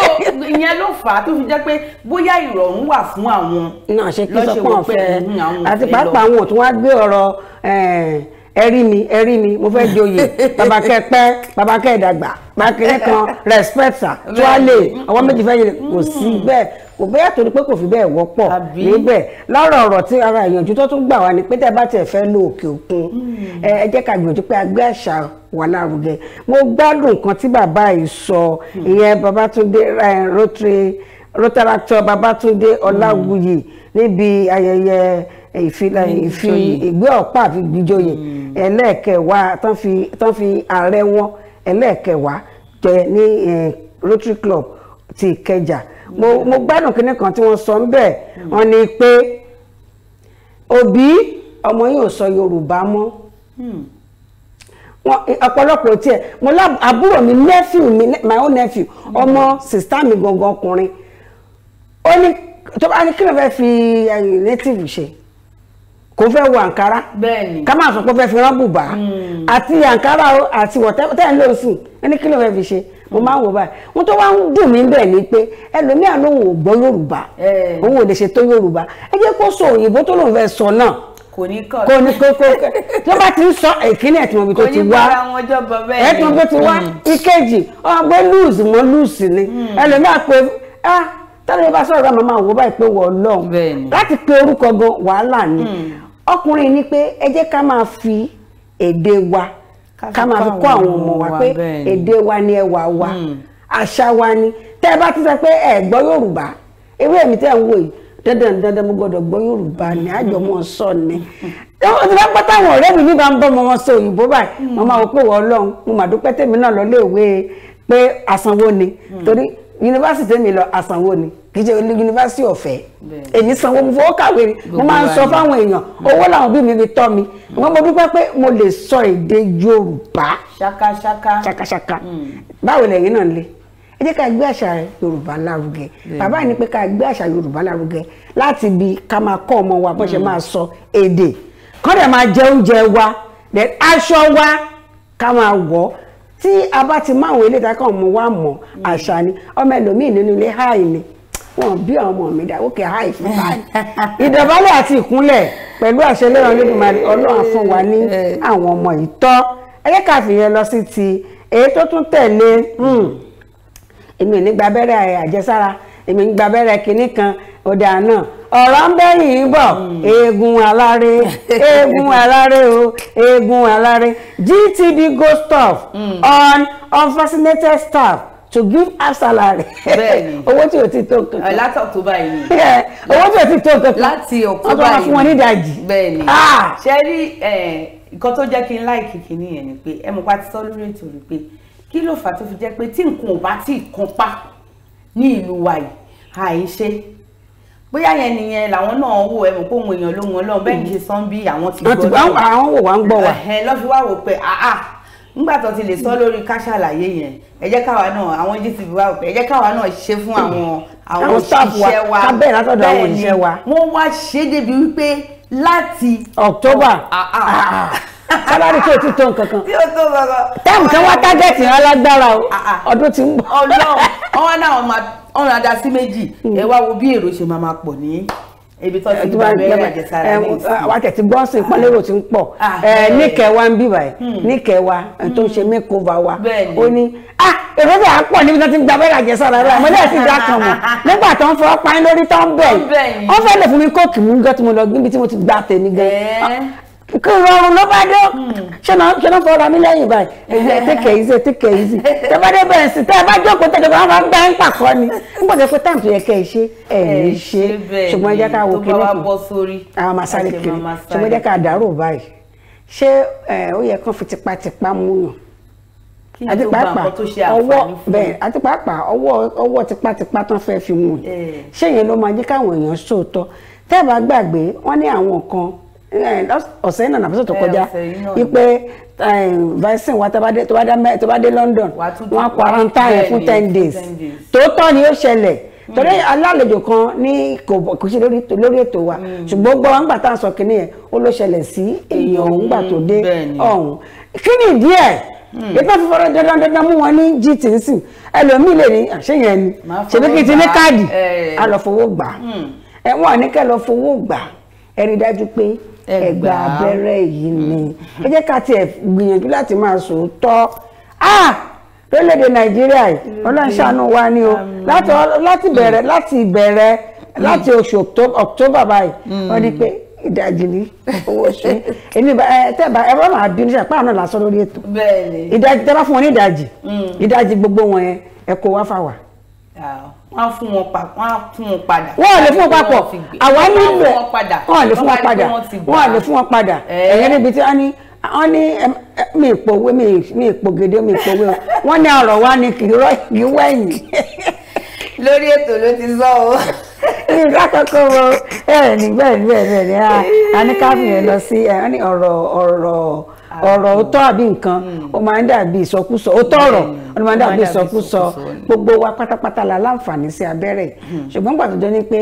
ìyẹn ló fà á tó fi jẹ́ pé bóyá ìrọ̀rùn wà fún àwọn. náà ṣe kí sọ pé àwọn fẹ́ àti pàápàá àwọn ò wá gbé ọ̀rọ̀ eh, ẹ rí mi ẹ rí mi mo fẹ́ joyè bàbá kẹ pẹ́ bàbá kẹ dàgbà bàkẹ́rẹ́ kan respect sir tuale àwọn méjì fẹ́ yẹlẹ kò sí hmm. bẹ́ẹ̀ kò bẹ́ẹ̀ torí pé kò fi bẹ́ẹ̀ wọ́pọ̀ níbẹ̀ lára ọ̀rọ̀ tí ara ìyànjú tó tún gbà wá ni pé tẹ́ bá tiẹ̀ fẹ́ lo òkè òkun hmm. ẹ jẹ́ ká gbìyànjú pé a gbé àṣà wà lárugẹ mo gbádùn nǹkan tí bàbá yìí sọ hmm. ìyẹn Babátúndé Rotary Rotaractor Babátúndé Ọláwuyì níbi ayẹyẹ ìfi ìgbé ọ̀pá fi gbìjòyè hmm. ẹlẹ́ẹ̀kẹwàá tán fi ààrẹ wọn ẹlẹ́ẹ̀kẹwàá jẹ ní Rotary Club ti Ìkẹjà mo hmm. gbádùn kínní kan tí wọ́n sọ ń bẹ̀ hmm. wọ́n ní pé òbí ọmọ yìí ò sọ Yorùbá mọ́ ọ̀pọ̀lọpọ̀ tiẹ̀ mo lá àbúrò mi nephew mi my own nephew ọmọ sista mi gangan ọkùnrin ó ní tó bá ní kí ló fẹ́ fi native ṣe kò fẹ́ wọ àǹkárá ká máa sọ pé ó fẹ́ fi rán bùbá hmm. àti àǹkárá àti wọ̀tẹ́ẹ̀ ló ń sùn ẹni kí ló fẹ́ fi ṣe mo hmm. máa ń wò báyìí ohun tó wá ń dùn mí bẹ́ẹ̀ ni pé ẹlòmíà lòun ò gbọ́ yorùbá eh. òun ò lè ṣe tó yorùbá ẹ jẹ́ kó sọ òyìnbó tó lòun fẹ́ sọ náà kò ní kọ̀ kò ní kókó tó bá ti ń sọ ìkíní ẹ̀tùmọ̀ bí tó ti wá ẹ̀tùmọ̀ bí tó ti wá ìkejì ọgbẹ́ lùsì mọ́ lùsì ni hmm. ẹlòmíà pé ah tálẹ́ bá sọ̀rọ̀ màmá wò báyìí pé wọ́ọ́ lọ́hùn láti pe orúkọ gan wàhálà ni ọkùnrin ni pé ẹ jẹ́ ká máa fi èdè wa ká máa fi kọ́ àwọn ọmọ wa pé èdè wa ni ẹwà wa hmm. àṣà wa ni tẹ́ ẹ bá ti sọ pé ẹ gbọ́ Yorùbá ewé èmi tẹ́ ń wò yìí dandan dandan mo gbọ́dọ̀ gbọ́ Yorùbá ni àjọmọ sọ ni ó ti dápẹ́ táwọn ọ̀rẹ́ mi ní bá ń bọ́ ọmọ wọn sọ òyìnbó báyìí mo máa wò pé wọ́n Ọlọ́run mo mà dúpẹ́ tèmi náà lọ léèwé pé àsanwó ni hmm. torí yunifásitì mi lọ àsanwó ni kì í ṣe yunifásitì ọ̀fẹ́ èmi sanwó mo fowó kàwé ni mo máa ń sọ fáwọn èèyàn owó làwọn bí mi fi tọ́ mi wọ́n mo dúpẹ́ pé mo lè sọ èdè yorùbá ṣakaṣaka ṣakaṣaka hmm. báwo lẹ́yìn náà lé ẹ jẹ́ ká gbé àṣà yorùbá lárugẹ bàbá ní pé ká gbé àṣà yorùbá lárugẹ láti bi ká máa kọ́ ọmọ wa bó ṣe hmm. máa sọ èdè kọ́ dẹ̀ máa jẹ oúnjẹ wa then aṣọ wa ká máa wọ̀ tí a bá ti máwọn ilé ìdákọ̀ mú wá mọ̀ àṣà ni ọmọ ẹlòmíì nínú ilé háì ni wọn bí ọmọ mi dá òkè háì fún báyìí ìdọ̀bálẹ̀ àti ìkúnlẹ̀ pẹ̀lú àṣẹ lẹ́yìn olódùmarè ọlọ́run fún wa ní eh. àwọn ọmọ ìtọ́ ẹ̀yẹ́ ká fìyẹn lọ sí ti èyí tó tún tẹ̀lé hmm. èmi ò ní gba abẹ́rẹ́ àjẹsára èmi ń gba abẹ́rẹ́ kinní kan ọ̀dà náà ọ̀rọ̀ ń bẹ́yìn bọ̀ hmm. eegun aláré eegun aláré o eegun aláré GTB go stop hmm. on unvaccinated staff to give her salary. bẹ́ẹ̀ni owó tí o ti tó kankan. láti october yìí. owó tí o ti tó kankan. láti october yìí. wọ́n fún wọn ní ìdajì. bẹ́ẹ̀ni ah! ṣe rí nǹkan tó jẹ́ kí n láìkì kìíní yẹn ni pé ẹ mọ̀ pa ti sọ lórí ètò rí pé kí ló fà tó fi jẹ́ pé tí nǹkan ò bá tí ì kan pa ní ìlú wa yìí àìṣe bóyá yẹn nìyẹn làwọn náà wò ẹ mọ̀ pé òun èèyàn ló wọn lọ bẹ́ẹ̀ ní ṣe sán bí àwọn ti gbọ́ lọ àwọn wò wá ń gbọ́ wa lọ wá wò pé àá nígbà tó ti lè sọ lórí ká ṣàlàyé yẹn ẹ jẹ́ káwa náà àwọn gtv wá wò pé ẹ jẹ́ káwa náà ṣe fún hmm. àwọn àwọn òṣìṣẹ́ wa kábẹ́ẹ̀ látọ̀dọ̀ wọ́n wá ṣe débi wípé láti October ah, ah sábàrí tí o ti tó nǹkan kan tí o tó kankan táàmù kan wá tágẹ́tì yẹn alágbára o ah, ah. ọdún ti ń bọ̀. ọlọ́run ọwọ́ náà ọ̀run adá sí méjì hmm. ẹ wá wo bí èrò ṣe máa máa pọ̀ ní ibi tó ti gba abẹ́rẹ́ àjẹsára ní ìsìn. wà á tẹ̀sí bọ́ọ̀sì ìpọ́nlérò ah. tí ń pọ̀ níkẹ́ wa ń bíbà ẹ̀ hmm. níkẹ́ wa tó ń hmm. ṣe mẹ́kọ́va wa ó ní ah èrò bẹ̀ á pọ̀ níbi tó ti gba abẹ́rẹ́ àjẹsára rẹ̀ àmọ́lẹ́ ẹ̀sìn ìjà kan mọ̀ nígbà tó ń fọ́ pa ẹ́ lórí tó ń bẹ̀ wọ́n fẹ́ lè fún mi kóòkì mú gán tí mo lọ níbi tí mo ti gba tèmi gan kí rọrùn ló bá dé hmm. ṣé náà ṣe náà fọwọ́ra mi lẹ́yìn báyìí èyí ẹ̀ tẹ́kẹ̀ yìí ṣe tẹ́kẹ̀ yìí ṣe tẹ́ bá dé bẹ̀rẹ̀ sí tẹ́ ẹ bá jókòó tẹ́lẹ̀ bá máa ń gbá ń pàkọ́ ni ń bọ̀ pé táǹtì yẹ kẹ́ ẹ ṣe ẹ̀ ní ṣe ṣùgbọ́n jẹ́ ká wo kíní kù àwọn máa sáré kiri ṣùgbọ́n jẹ́ ká dàrú báyìí ṣé ó yẹ kán fi tipátipá múyàn àti pàápàá ọwọ́ bẹ́ẹ̀ àti pàápàá ọwọ́ ọwọ́ tipátipá tán fẹ́ fi mú un eh. ṣé yẹn ló máa Eh, ọ̀sẹ̀ náà nàbọ́sọ̀ tó eh, kọjá wípé eh, vaccine wa tó bá dé London wọ́n quarantine fún ten days tòótọ́ ni ó ṣẹlẹ̀ hmm. torí alálejò kan ní kò sí lórí ètò wa hmm. ṣùgbọ́n gbọ́ wọn gbà tá à ń sọ kínní yẹn ó ló ṣẹlẹ̀ sí èèyàn òun gbà tó dé ọ̀hún kí ni ìdí ẹ̀ hmm. ìtàn fífọ́rọ́ dandan dandan mú wọn ní gt nsìn ẹlòmíì lè ní àṣeyẹn ni ṣèbí kí n ti ní káàdì a lọ fowó gbà ẹ wọn àníkẹ́ lọ fowó gbà ẹ rí dájú pé ẹgbà abẹ́rẹ́ yìí mm. ni ẹ jẹ́ ká tiẹ̀ gbìyànjú láti máa sòótọ́ ah lórílẹ̀‐èdè nàìjíríà yìí mm. ọlọ́run ṣàánú wa ni o láti mm. bẹ̀rẹ̀ láti ìbẹ̀rẹ̀ láti oṣù october báyìí wọ́n ní pé ìdajì ní owó oṣù èmi tẹ́ẹ̀bà ẹ bá máa bínú sí àpáàná lásán lórí ètò ìdajì tẹ́ bá fún wọn ní ìdajì ìdajì gbogbo wọn yẹn ẹ kó wá fáwà wọ́n á fún wọn papọ̀ wọ́n á fún wọn padà. wọ́n á lè fún wọn papọ̀ àwa ní ilẹ̀ wọ́n á lè fún wọn padà wọ́n á lè fún wọn padà ẹ̀yẹ́ níbi tí wọ́n ní wọ́n ní mi ìpòwe mi ìpògede mi ìpòwe wọ́n ní ọ̀rọ̀ wa ni kì í rọ́ ìgbín wẹ̀yìn. lórí ètò ló ti sọ o nígbà kọ́kọ́ wo ẹ̀ nígbà ẹ̀ nígbà ẹ̀ ní àníkàfíyàn lọ sí ọ̀rọ̀ ọ̀rọ̀ ọ̀rọ̀ òótọ́ àbí nǹkan hmm. ó máa ń dàbí ìsọkúsọ òótọ́ ọ̀rọ̀ hmm. ó máa ń dàbí ìsọkúsọ gbogbo wa pátápátá la láǹfààní sí abẹ́rẹ́ hmm. ṣùgbọ́n gbàtọ́ jẹ́ ní pé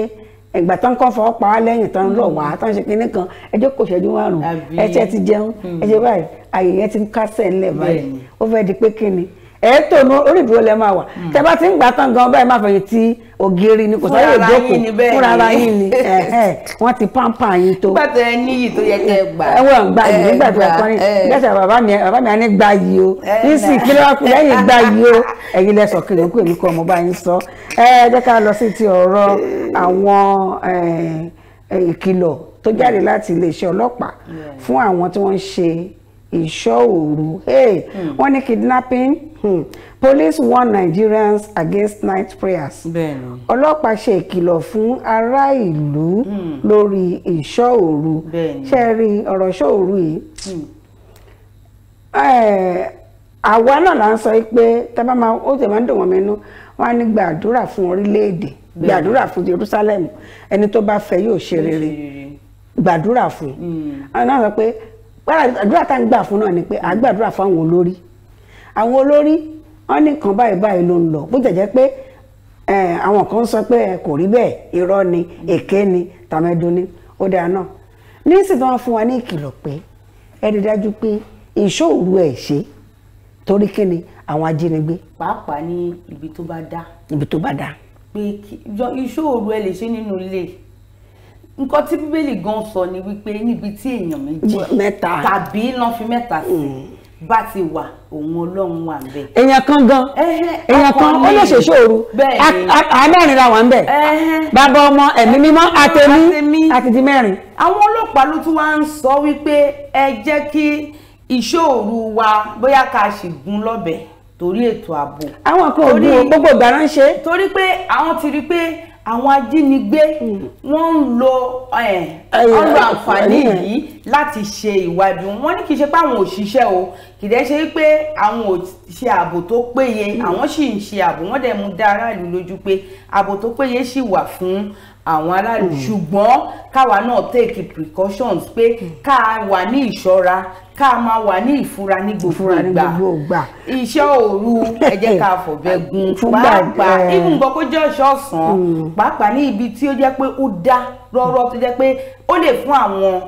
ìgbà tán kọ́ fọwọ́ pa wá lẹ́yìn tán lọ wá tán ṣe kinní kan ẹjọ́ kò ṣẹ́jú márùn-ún ẹ̀ṣẹ̀ ti jẹun ẹ̀ṣẹ̀ báyìí àyè yẹn ti ń kásẹ̀ ńlẹ̀ báyìí ó fẹ́ di pé kíni ẹ tó nu orí ìdúró lẹ máa wà hmm. tẹ bá ti ń gbà tán gan báyìí má fẹ̀yìn tí ògiri ni kò sọ́yìn ìjókòó fúnra ara yín ni wọ́n ti pampa yín tó. nígbà tó ẹ níyì tó yẹ kẹ gbà. ẹ wọ́n gba yìí nígbà tó ẹ kọ́ ni lẹ́sẹ̀ bàbá mi bàbá mi á ní gba yìí o ní sì kí ló wá kú lẹ́yìn gba yìí o ẹ̀yin lẹ́sọ̀ kí ló ń pè mí kọ́ ọmọ bá yín sọ. ẹ jẹ́ ká lọ sí ti ọ̀rọ̀ àwọn ìkìlọ̀ tó jáde láti iléeṣẹ́ ọlọ́pàá fún àwọn tí wọ́n ń ṣe ìṣọ́ òru hmm. wọ́n ní kidnapping Hmm. Police warn Nigerians against night prayers. Ọlọ́pàá ṣe ìkìlọ̀ fún ará ìlú hmm. lórí ìṣọ́ òru. Ṣé rí ọ̀rọ̀ ṣọ́ òru yìí? Hmm. Eh, àwa náà là ń sọ pé tábà máa ó tẹ̀ máa ń dùn wọ́n mẹ́nu wọ́n á ní gbàdúrà fún orílẹ̀-èdè gbàdúrà fún Jerusalem ẹni tó bá fẹ́ yóò ṣe rere gbàdúrà fún. Hmm. Àwọn náà sọ pé àdúrà tá à ń gbà fún náà ni pé à ń gbàdúrà fún àwọn olórí àwọn olórí wọn ní nǹkan báyìí báyìí ló ń lọ bó jẹ̀jẹ́ pé àwọn kan sọ pé kò rí bẹ́ẹ̀ irọ́ ni èké ni tàmẹ́dùn ni ó dáa náà nísìtò wọn fún wa ní ìkìlọ̀ pé ẹ rí dájú pé ìṣòro ẹ̀ ṣe torí kí ni àwọn ajínigbé. pàápàá ní ibi tó bá dá. ibi tó bá dá. pé ìṣòro ẹ lè ṣe nínú ilé nǹkan tí bíbélì gan sọ ni wípé níbi tí èèyàn méjì mẹ́ta tàbí lọ́n fi mẹ́ta sí. Mm bá ti wà òun ọlọ́run wà ń bẹ̀. èèyàn kan gan èèyàn kan ó lè ṣèṣe òru àádọ́rin la wà ń bẹ̀ bàbá ọmọ ẹ̀mí mímọ́ àtẹ̀mí àti di mẹ́rin. àwọn ọlọ́pàá ló tún wá ń sọ wípé ẹ jẹ́ kí iṣẹ́ wa bóyá ká sì gún lọ́bẹ̀ torí ètò ààbò. àwọn kan ò gbé gbogbo ìgbà ránṣẹ́. torí pé àwọn ti rí pé àwọn ajínigbé hmm. wọ́n ń lo ọ̀rọ̀ àǹfààní yìí láti ṣe ìwádìí wọ́n ní kì í ṣe pé àwọn òṣìṣẹ́ o kì í dẹ́ ṣe pé àwọn ò ṣe ààbò tó péye hmm. àwọn sì ń ṣe ààbò wọ́n dẹ̀ mú dá aráàlú lójú pé ààbò tó péye sì wà fún àwọn aráàlú hmm. ṣùgbọ́n káwa náà take precautions pé hmm. ká wà ní ìṣọ́ra ká máa wà ní ìfura ní gbogbo ìgbà iṣẹ́ òru ẹ jẹ́ ká hmm. fọ̀bẹ gun pàápàá ibùn eh. gbọ́ kó jẹ́ ọ̀ṣọ́ ọ̀sán pàápàá ní ibi tí ó jẹ́ pé ó dá rọ́rọ́ tó jẹ́ pé ó lè fún àwọn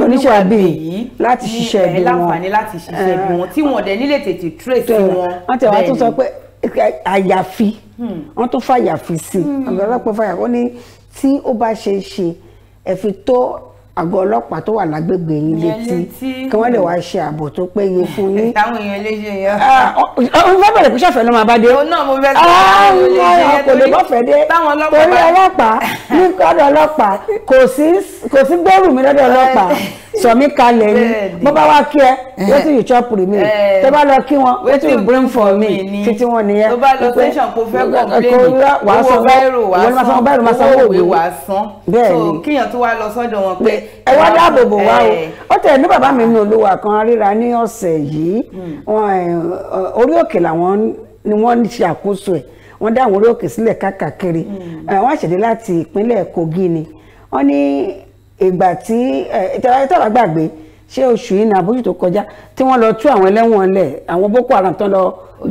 oníṣẹ́ ibi yìí láti ṣiṣẹ́ ibi eh, wọn láǹfààní láti ṣiṣẹ́ ibi eh. wọn tí wọn dẹ̀ nílé tètè trace wọn. wọ́n tẹ̀ wá tún sọ pé àyàfi wọ́n tó fàyà fi sí i hmm. àgbàlagbà fàyà ó ní tí ó bá ṣe ṣe ẹ fi tó àgọ́ ọlọ́pàá tó wà lágbègbè yín létí kí wọ́n lè wá ṣe ààbò tó péye fún yín. táwọn èèyàn lè ṣe yẹn. ó ah, fẹ́ bẹ̀rẹ̀ kó ṣàfẹ́ ló máa bá dé. òun náà mo fẹ́ sọ ah, àwọn olè ṣe yẹn torí torí ọlọ́pàá ní kọ́dọ̀ ọlọ́pàá kò sí gbẹ́rù mi lọ́dọ̀ ọlọ́pàá eh. sọ mí kalẹ̀ ni bó bá wá kí ẹ eh. wetin you chop with me eh. tó bá lọ kí wọn wetin you bring for me títí wọn nìyẹn. tó bá lọ tẹ̀sán kó fẹ́ kọ̀ọ̀pléènì owó bẹ́ẹ̀rù wá san owó ìwé wá san so kíyàn tó wá lọ sọ́dọ̀ wọn pé ẹ wá dáàbò bò wá o ó tẹ̀ ní bàbá mi nínú olúwa kan ríra ní ọ̀sẹ̀ yìí hmm. orí òkè làwọn ni wọ́n ṣe àkóso ẹ̀ wọ́n dá àwọn orí òkè sílẹ̀ káàkiri hmm. wọ́n ṣèdè láti ìpínlẹ̀ Kogi ni wọ́n ní ìgbà tí ìtàláyétàlá gbàgbé ṣé oṣù yìí ní abójú tó kọjá tí wọ́n lọ tú àwọn ẹlẹ́wọ̀n lẹ̀ àwọn Boko Haram tán lọ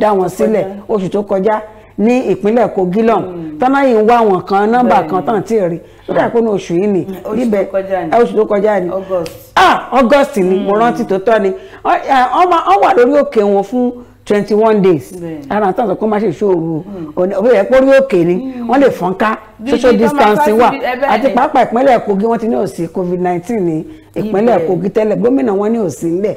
dá wọn sílẹ̀ oṣù tó kọjá ní ìpínlẹ̀ Kogi lọ́hùn hmm. tọ́nà yìí ń wá àwọn kan nọ́mbà kan tán tí ì rí ó dà ní oṣù yìí ni hmm, níbẹ̀ oṣù tó kọjá ni August ah, ni mo hmm. rántí tó tọ́ ni wọ́n wà lórí òkè wọn fún twenty one days ara tán sọ pé má ṣe ṣòro òbí rẹ pórí òkè ni wọ́n lè fọ́n ká social distancing wà àti pàápàá ìpínlẹ̀ Kogi wọ́n ti ní òsì covid nineteen ni, ìpínlẹ̀ Kogi tẹ́lẹ̀ gómìnà wọn ní òsì ńlẹ̀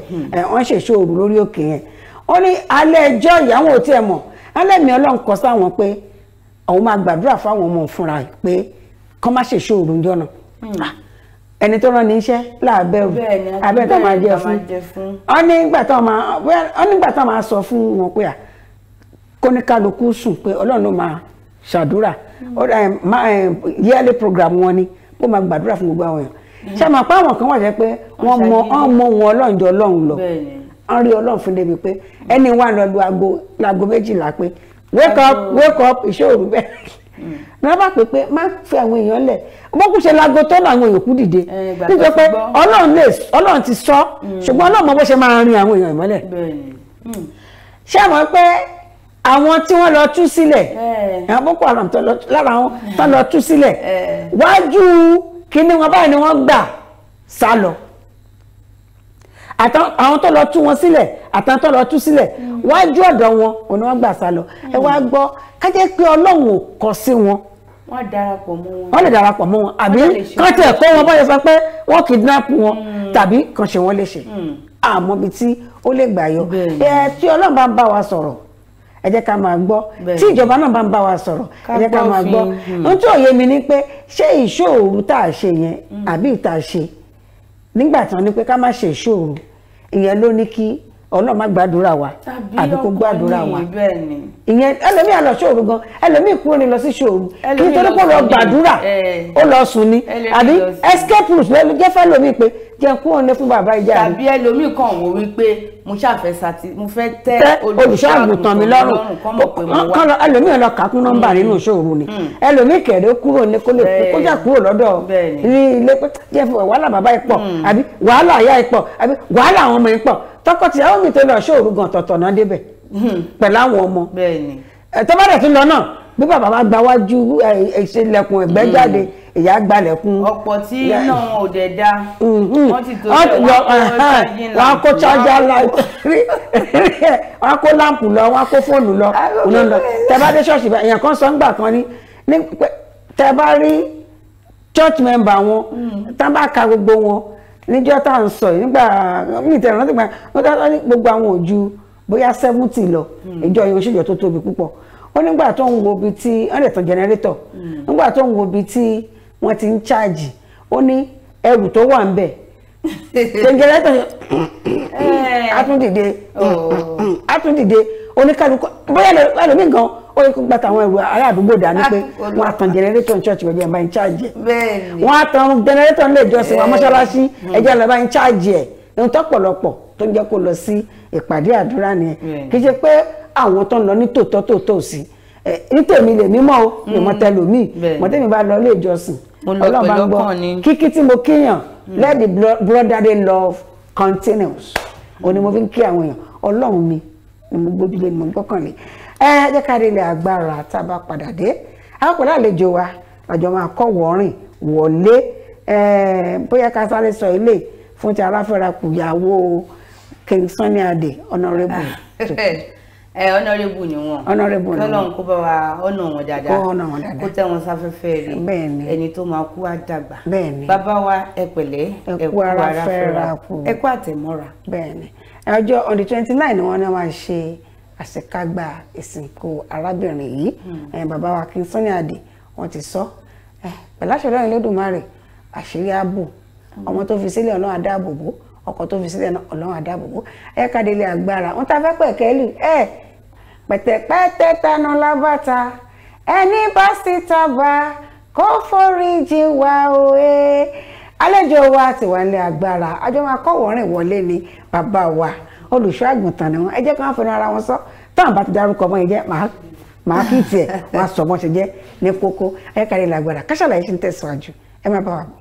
wọ́n ṣe ṣòro lórí òkè yẹn wọ́n ní alẹ́ ẹjọ́ ìyàwó tí mọ̀ alẹ́mi ọlọ́run kọ sáwọn pé àwọn máa gbàdúrà fáwọn ọmọ fúnra ẹ̀ pé kán má ṣe ṣòro jọ́nà hmm. ẹni tó rán ní iṣẹ́ láàbẹ̀rù abẹ́ tó máa jẹ fún ọ nígbà tó máa sọ fún wọn pé à kóníkálukú sùn pé ọlọ́run ló máa ṣàdúrà hmm. yearly program wọn ni ó máa gbàdúrà fún gbogbo àwọn èèyàn hmm. ṣé àmọ́ pé àwọn kan wà jẹ́ pé wọ́n mọ ọmọ wọn ọlọ́run jọ ọlọ́run lọ. bẹ́ẹ̀ wọ́n rí ọlọ́run fún débi pé ẹni wà lọ́dọ̀ aago laago méjìlá pé wake up wake up ìṣòro bẹ́ẹ̀ náà bá pè pé má fi àwọn èèyàn lẹ̀ bókú ṣe laago tó làwọn yòókù dìde nígbà pé ọlọ́run lè ọlọ́run ti sọ mm. ṣùgbọ́n ọlọ́run mọ bó ṣe máa rin àwọn èèyàn ìmọ́lẹ̀ mm. ṣé àwọn pé àwọn tí wọ́n lọ tú sílẹ̀ àwọn boko haram tó lọ lára wọn tó lọ tú sílẹ̀ wájú kí ni wọn báyìí ni wọ́n gbà sá lọ àwọn tó lọ tú wọn sílẹ̀ àtàwọn tó lọ tú sílẹ̀ mm. wájú ọ̀dọ̀ wọn òun ni wọ́n gbà sá lọ ẹ wá mm. gbọ́ ká jẹ́ pé ọlọ́run ò kọ sí wọn wọ́n darapọ̀ mọ́ wọn. wọ́n lè darapọ̀ mọ́ wọn àbí kán tẹ̀ kó wọn bọ́yọ̀ sọ pé wọ́n kidnap wọn mm. tàbí kàn ṣe wọ́n léṣe àmọ́ ibi tí ó lè gbà yọ ẹ tí ọlọ́run bá ń bá wa sọ̀rọ̀ ẹ jẹ́ ká máa gbọ́ tí ìjọba náà bá ń bá wa sọ̀rọ̀ ẹ jẹ́ ká máa gbọ́ hmm. ohun tí òye mi ni pé ṣé ìṣòro tá a ṣe yẹn hmm. àbí ìta ṣe nígbà tí wọ́n ní pé ká má ṣe ìṣòro ìyẹn ló ní kí ọlọ́run má gbàdúrà wa àbí kó gbàdúrà wa ìyẹn ẹlòmíì àlọ́ ṣòru gan ẹlòmíì kúrò ní lọ sí ṣòru nítorí pé ó lọ gbàdúrà ó lọ sùn ni àbí escape route ló jẹ́ fẹ́ lómi pé jẹ́ kó òun ní fún bàbá ìjà rẹ̀. tàbí ẹlòmíì kan wò wípé mo ṣàfẹ́ sati mo fẹ́ tẹ olùṣọ́àgùntàn mi lọ́rùn kọ́ lọ ẹlòmíì lọ kà kún nọ́mbà nínú ìṣòro ni hmm. ẹlòmíì kẹ̀rẹ́ kúrò ní kó lè kó jà kúrò lọ́dọ̀ rí ilé pé jẹ́ fún wàhálà bàbá ipò hmm. àbí wàhálà ìyá ipò àbí wàhálà àwọn ọmọ ipò tọkọtìyàwó mi tó lọ ṣòro gan tọ̀tọ̀ náà débẹ̀ hmm. pẹ̀lú àwọn ọmọ tọ́bàdàn tún lọ náà bí bàbá bá gba wájú ìṣẹlẹ̀kùn ẹ̀gbẹ́ hmm. jáde ìyá gbalẹ̀kùn. ọ̀pọ̀ tí iná wọn ò dẹ̀ da hmm, hmm. wọ́n ti tó ṣe wọ́n á kó ṣáájà lọ wọ́n á kó láǹpù lọ wọ́n á kó fóònù lọ òun lọ tẹ bá dé ṣọ́ọ̀ṣì èèyàn kan sọ ń gbà kan ní tẹ bá rí church member wọn tá bá ka gbogbo wọn níjọ́ tá à ń sọ yìí nígbà mí tẹ̀ rántí gbà wọ́n ká gbogbo àwọn òjú bóyá seventy lọ ìjọ yìí oṣù ó nígbà tó ń wo ibi tí wọ́n lè tan jẹnẹrétọ̀ hmm. nígbà tó ń wo ibi tí wọ́n ti ń ṣáàjì ó ní ẹrù tó wà ń bẹ̀ jẹnẹrétọ̀ eh. atúndìde oh. atúndìde oníkálukú bóyá ẹlòmíì gan ó yẹ kó gbàtà àwọn ẹrù ará àdúgbò dání ah, pé wọ́n á tan jẹnẹrétọ̀ ní ṣọ́ọ̀ṣì ẹ̀jẹ̀ ẹ̀ bá ń ṣáàjì ẹ̀ wọ́n á tan jẹnẹrétọ̀ nílé ìjọsìn wa mọ́ṣáláṣí hmm. ẹ̀jẹ̀ ẹ̀ bá ń ṣáàjì ẹ̀ ohun tọ́pọ̀lọpọ̀ tó ń jẹ́ kó lọ sí ìpàdé àdúrà nìyẹn kì í ṣe pé àwọn tó ń lọ ní tòótọ́ tòótọ́ sí ní tèmi lè mímọ́ o mi mọ mm. tẹlòmíì mọ tèmi bá lọ ilé ìjọsìn ọlọ́run bá ń gbọ́ kíkí tí mo kíyàn mm. let the brotherly love continues òní mo fi ń kí àwọn èèyàn ọlọ́run mi ni mo gbójúlé ni mo gbọ́kànlé ẹ jẹ́ ká rí ilẹ̀ agbára tá a bá padà dé àpòlá àlejò wa àjọ máa kọ́ wọ́rìn wọlé bóyá ká sáré sọ ilé fún ti aráfẹ́ra kùyàwó King Sunny Adé honourable. ẹ eh, ọ̀nàrẹ́bù ni wọn ọ̀nàrẹ́bù ni wọn kọ́lọ́n kó bá wa ọ̀nà wọn dáadáa kó ọ̀nà wọn dáadáa kó tẹ́ wọn sáfẹ́fẹ́ rẹ̀ bẹ́ẹ̀ni ẹni tó máa kú á dàgbà bàbá wa ẹ pẹ̀lẹ́ ẹ kú ara fẹ́ra ẹ kú àtẹ̀mọ́ra. bẹ́ẹ̀ni ọjọ́ on the twenty nine ni wọ́n ní wọ́n á ṣe àṣekágbá ìsìnkú arábìnrin yìí hmm. eh, bàbá wa King Sunny Adé wọ́n ti sọ eh, pẹ̀láṣẹ̀ lọ́rin lódùmarè àṣírí ààbò hmm. ọmọ tó fi sílẹ̀ ọlọ́run adáàbòbò ọkọ̀ tó fi sílẹ̀ náà ọlọ́run àdáàbòbò ẹ kàdélé agbára wọn ta fẹ́ pẹ̀kẹ́lì ẹ pẹ̀tẹ̀pẹ́tẹ́ tanu lábàtà ẹni bá sì tàbá kó foríjì wá òye àlejò wa ti wà nílé agbára àjọ máa kọ́ wọ́rìn wọlé ni bàbá wa olùṣọ́ àgùntàn ni wọn ẹ jẹ́ kí wọ́n fẹ́ràn ara wọn sọ táwọn bá ti dárúkọ ọmọ yẹn jẹ́ màá màá kí tiẹ̀ wọn á sọ bọ́n ṣe jẹ́ ní kókó ẹ kàdélé agbára káṣàlàyé ṣe ń tẹ̀síwájú ẹ má bá wa bọ̀.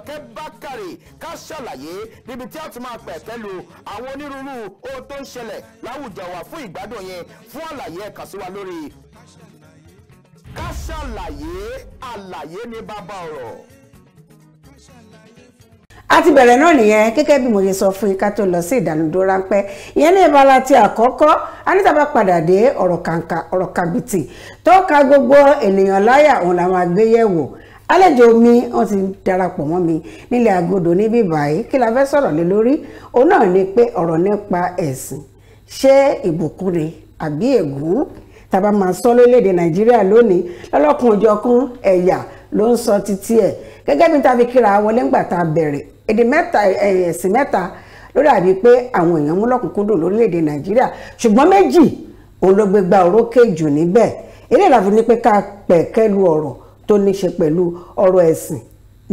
Àṣàkẹ́ Bákàrè ká ṣàlàyé níbi tí a ti máa pẹ̀kẹ́ lu àwọn onírúurú ohun tó ń ṣẹlẹ̀ láwùjọ wa fún ìgbádùn yẹn fún àlàyé ẹ kàn sí wa lórí ká ṣàlàyé àlàyé ní bàbá ọ̀rọ̀ a ti bẹ̀rẹ̀ náà nìyẹn gẹ́gẹ́ bí mo ṣe sọ fún yín ká tó lọ sí ìdánudúró ráńpẹ́ ìyẹn ní ìbala ti àkọ́kọ́ anítàbá padà dé ọ̀rọ̀ kàǹkà ọ̀rọ̀ kàgbìtì tó ka gbogbo ènìyàn láyà òun làwọn agbéyẹ̀wò àlejò mi wọ́n ti darapọ̀ mọ́ mi nílẹ̀ àgọ́dọ̀ níbí báyìí kí la fẹ́ sọ̀rọ̀ lé lórí òun náà ni pé ọ̀rọ̀ nípa ẹ̀sìn ṣé ìbùkún ni àbí ègún tàbá máa sọ lórílẹ̀‐èdè nàìjíríà lónìí lọ́lọ́kun òjọ̀kun ẹ̀yà ló ń sọ títí ẹ̀ gẹ́gẹ́ bí ta fi kíra wọlé ńgbà tá a bẹ̀rẹ̀ èdè mẹ́ta ẹ̀sìn mẹ́ta ló dàbí pé àwọn èèyàn mú lọ́kùnkúndùn lórílẹ̀‐èdè nàìjíríà ṣùgbọ́n méjì òun ló gbégbá orókè jù níbẹ̀ eléyìí la ní pé ká pẹ̀kẹ́ lu ọ̀rọ̀ tó ní ṣe pẹ̀lú ọ̀rọ̀ ẹ̀sìn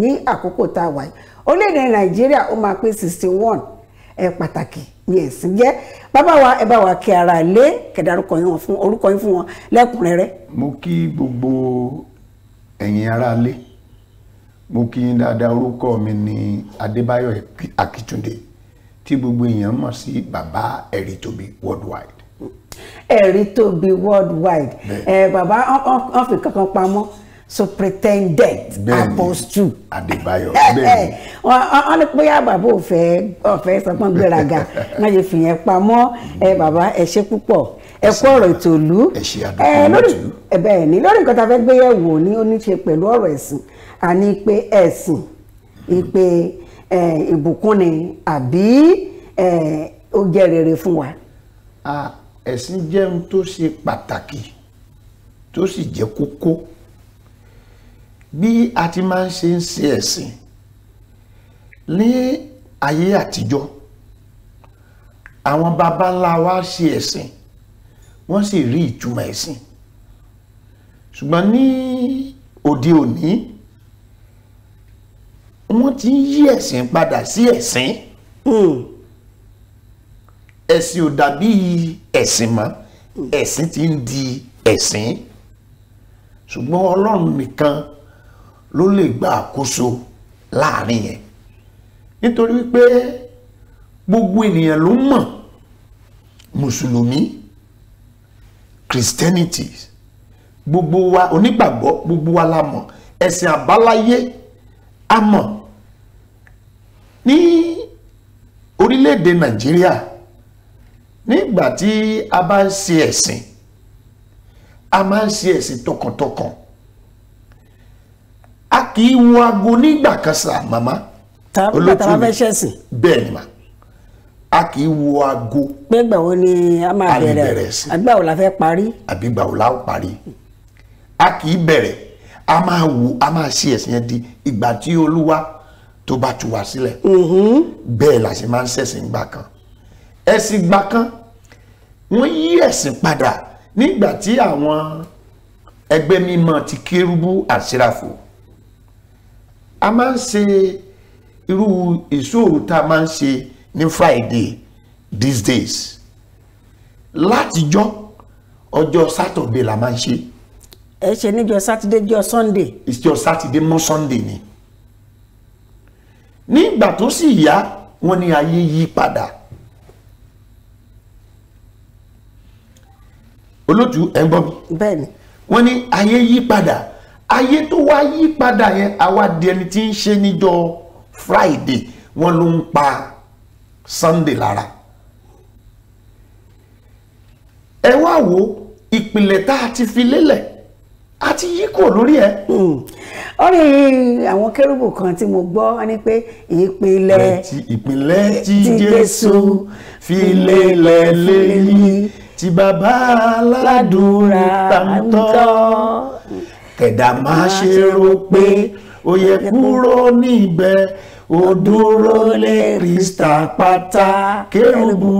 ní àkókò tá a wà yìí orílẹ̀-èdè nàìjíríà ó máa pé sixty one ẹ̀ pàtàkì ní ẹ̀sìn jẹ́ bàbá wa ẹ bá wa kí ara lé kẹ̀dárúkọ yín fún orúkọ yín fún wọn lẹ́kùnrẹ́rẹ́. mo kí gbogbo ẹ̀yin ará lé mo kí yín dáadáa orúkọ mi ní adébáyọ̀ akíntúndé tí gbogbo èèyàn mọ̀ sí bàbá ẹ̀rí tóbi worldwide ẹ̀rí tóbi worldwide ẹ̀ bàbá ọ̀fìn kankan pamọ́ superintendent apostle Adébáyọ̀ eh, bẹ́ẹ̀ni eh, wọ́n ní bóyá bàbá ò fẹ́ ọfẹ sọpọn gbéraga wọ́n yẹ fìyẹn pamọ́ ẹ eh, bàbá ẹ ṣé púpọ̀ ẹ kú ọ̀rọ̀ ètò ìlú ẹ lórí bẹ́ẹ̀ ni lórí nǹkan tá a fẹ́ gbé yẹ̀wò ní ó ní ṣe pẹ̀lú ọ̀rọ̀ ẹ̀sìn àní pé ẹ̀sìn ìpè ìbùkún ni àbí ó jẹ́ rere fún wa. Ah, ẹ̀sìn jẹ́ ohun tó ṣe pàtàkì tó sì jẹ́ kókó bí a ti máa ń ṣe ń ṣe ẹ̀sìn ní ayé àtijọ́ àwọn baba ńlá wa ṣe ẹ̀sìn wọ́n sì rí ìtumọ̀ ẹ̀sìn ṣùgbọ́n ní òde òní wọ́n ti ń yí ẹ̀sìn padà sí ẹ̀sìn hmm. ẹ̀sìn ò dàbí ẹ̀sìn mọ́ hmm. ẹ̀sìn ti ń di ẹ̀sìn ṣùgbọ́n ọlọ́run nìkan ló lè gba àkóso láàrin yẹn nítorí wípé gbogbo ènìyàn ló mọ̀ mùsùlùmí christianity gbogbo wa onígbàgbọ́ gbogbo wa la mọ̀ ẹ̀sìn àbáláyé a mọ̀ ní orílẹ̀-èdè nàìjíríà nígbà tí a bá ń ṣe ẹ̀sìn a máa ń ṣe ẹ̀sìn tọkàntọkàn kì í wọ aago nígbà kan sà màmá olótú mi bẹ́ẹ̀ ni mà a kì í wọ aago. pé gbà wo ni a máa bẹ̀rẹ̀ àgbà wo la fẹ́ parí. àbí gbà wo la ó parí a kì í bẹ̀rẹ̀ a máa wò a máa ṣe ẹ̀sìn yẹn di ìgbà tí olúwa tó bá tú wa sílẹ̀ mm-hmm. bẹ́ẹ̀ la ṣe máa ń ṣẹ̀sìn gbà kan ẹ̀sìn gbà kan wọ́n yí ẹ̀sìn padà nígbà tí àwọn ẹgbẹ́ mímọ́ ti kérúbù àṣíràfò a máa ń ṣe irú ìṣòro tá a máa ń ṣe ní Friday these days látijọ́ ọjọ́ Saturday la máa ń ṣe. ẹ ṣe níjọ́ Saturday jọ́ Sunday. ìṣọ́ Saturday mọ́ Sunday ni nígbà tó sì yá wọ́n ní ayé yí padà olótú ẹ gbọ́ mi. bẹ́ẹ̀ni. wọ́n ní ayé yí padà ayé tó wá yí padà yẹn àwa di ẹni tí ń ṣe níjọ́ Friday wọ́n ló ń pa Sunday lára ẹ wá wo ìpìlẹ̀ tá a ti fi lélẹ̀ a ti yí kò lórí ẹ. Hmm. ọ̀rẹ́ àwọn kérúbù kan tí mo gbọ́ ni pé ìpìlẹ̀ ìpìlẹ̀ tí Jésù fi lélẹ̀ lẹ́yìn tí bàbá aládùúrà ń tọ́ kẹ̀dá máa ṣe rò pé ó yẹ kúrò níbẹ̀ ó dúró lé rìstà pátá kérubù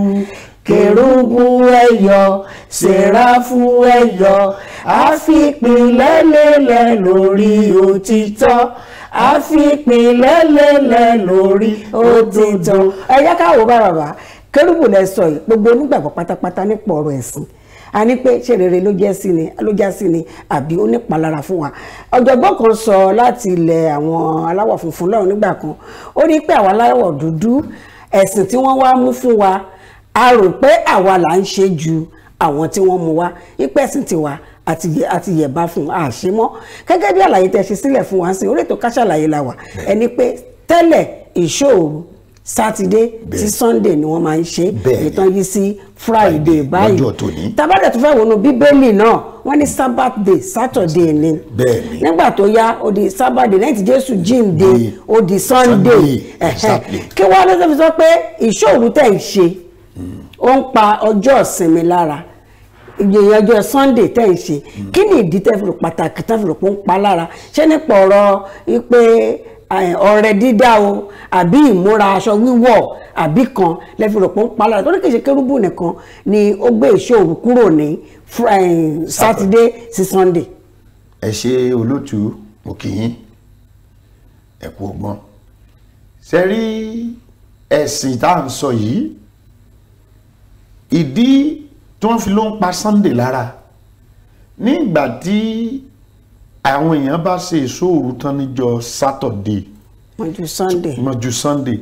kérubù ẹ̀yọ sẹ́ráfù ẹ̀yọ àfipínlẹ̀ lélẹ̀ lórí òtítọ́ àfipínlẹ̀ lélẹ̀ lórí òtítọ́. ẹ yá ká wò bá kérubù lẹ sọ yìí gbogbo onígbàgbọ́ pátápátá nípa ọ̀rọ̀ ẹ̀sìn a ní pé ṣe rere ló jẹ́ sí ni ló já sí ni àbí ó nípalára fún wa ọ̀jọ̀gbọ́n kan sọ láti ilẹ̀ àwọn aláwọ̀ funfun lọ́run nígbà kan ó ní pé àwọn aláwọ̀ dúdú ẹ̀sìn tí wọ́n wá mú fún wa a rò pé àwa là ń ṣe ju àwọn tí wọ́n mú wa ipe ẹ̀sìn tiwa àti yẹ̀bá fún àṣemọ́ gẹ́gẹ́ bí àlàyé tẹ́ ṣe sílẹ̀ fún wa ń sìn orí ètò Ká Sálàyé la wà ẹni pé tẹ́lẹ̀ ìṣòro sátidé sí sunday ni wọ́n máa ń ṣe ìtàn yìí sí friday báyìí tábàdà tó fẹ́ wọnú bíbélì náà wọ́n ní sabbath day saturday ni nígbà tó yá ó di sabbath day lẹ́yìn tí jésù jíǹde ó di sunday kí wọ́n ló fi sọ pé ìṣòro tẹ̀ ń ṣe hmm. ó ń pa ọjọ́ ìsinmi lára ìyẹn ọjọ́ sunday tẹ́ ń ṣe hmm. kí ni ìdí tẹ́ fi rò pàtàkì tẹ́ fi rò pé ó ń pa lára ṣé nípa ọ̀rọ̀ pé ọ̀rẹ́ dídá o àbí ìmúra aṣọ wíwọ̀ àbí kan lẹ́fi rò pé ó ń pa lára tó ní kì í ṣe kérúbù nìkan ni ó gbé ìṣòro kúrò ní sátidé sí sunday. ẹ ṣe olótú mo kì í ẹ kú ọgbọ́n ṣe rí ẹ̀sìn tá à ń sọ yìí ìdí tí wọ́n fi ló ń pa sunday lára nígbà tí àwọn èèyàn bá ṣe ìṣòro tán níjọ́ sátọ̀dé mọ́jú sunday mọ́jú sunday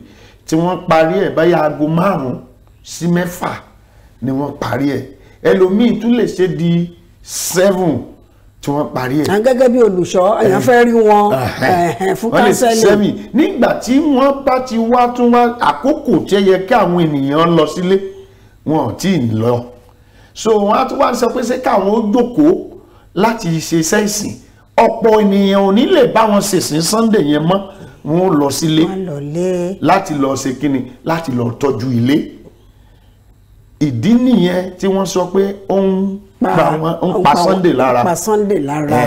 tí wọ́n parí ẹ̀ báyà aago márùn-ún sí mẹ́fà ni wọ́n parí ẹ̀ ẹlòmíì tún lè ṣe di seven tí wọ́n parí ẹ̀. gẹ́gẹ́ bí olùṣọ́ èèyàn fẹ́ rí wọn fún kánsẹ́lì. nígbà tí wọ́n bá ti wá tún wá àkókò tí ẹ yẹ kí àwọn ènìyàn lọ sílé wọn ò tí ì lọ so wọn á tún wá sọ pé ṣé káwọn ó jókòó láti ṣe iṣẹ́ ìsìn ọ̀pọ̀ ènìyàn ò ní lè bá wọn ṣèsìn Sunday yẹn mọ́ wọn ò lọ sílé láti lọ ṣe kíni láti lọ tọ́jú ilé ìdí nìyẹn tí wọ́n sọ pé ó ń pa wọn ń pa Sunday lára pa Sunday lára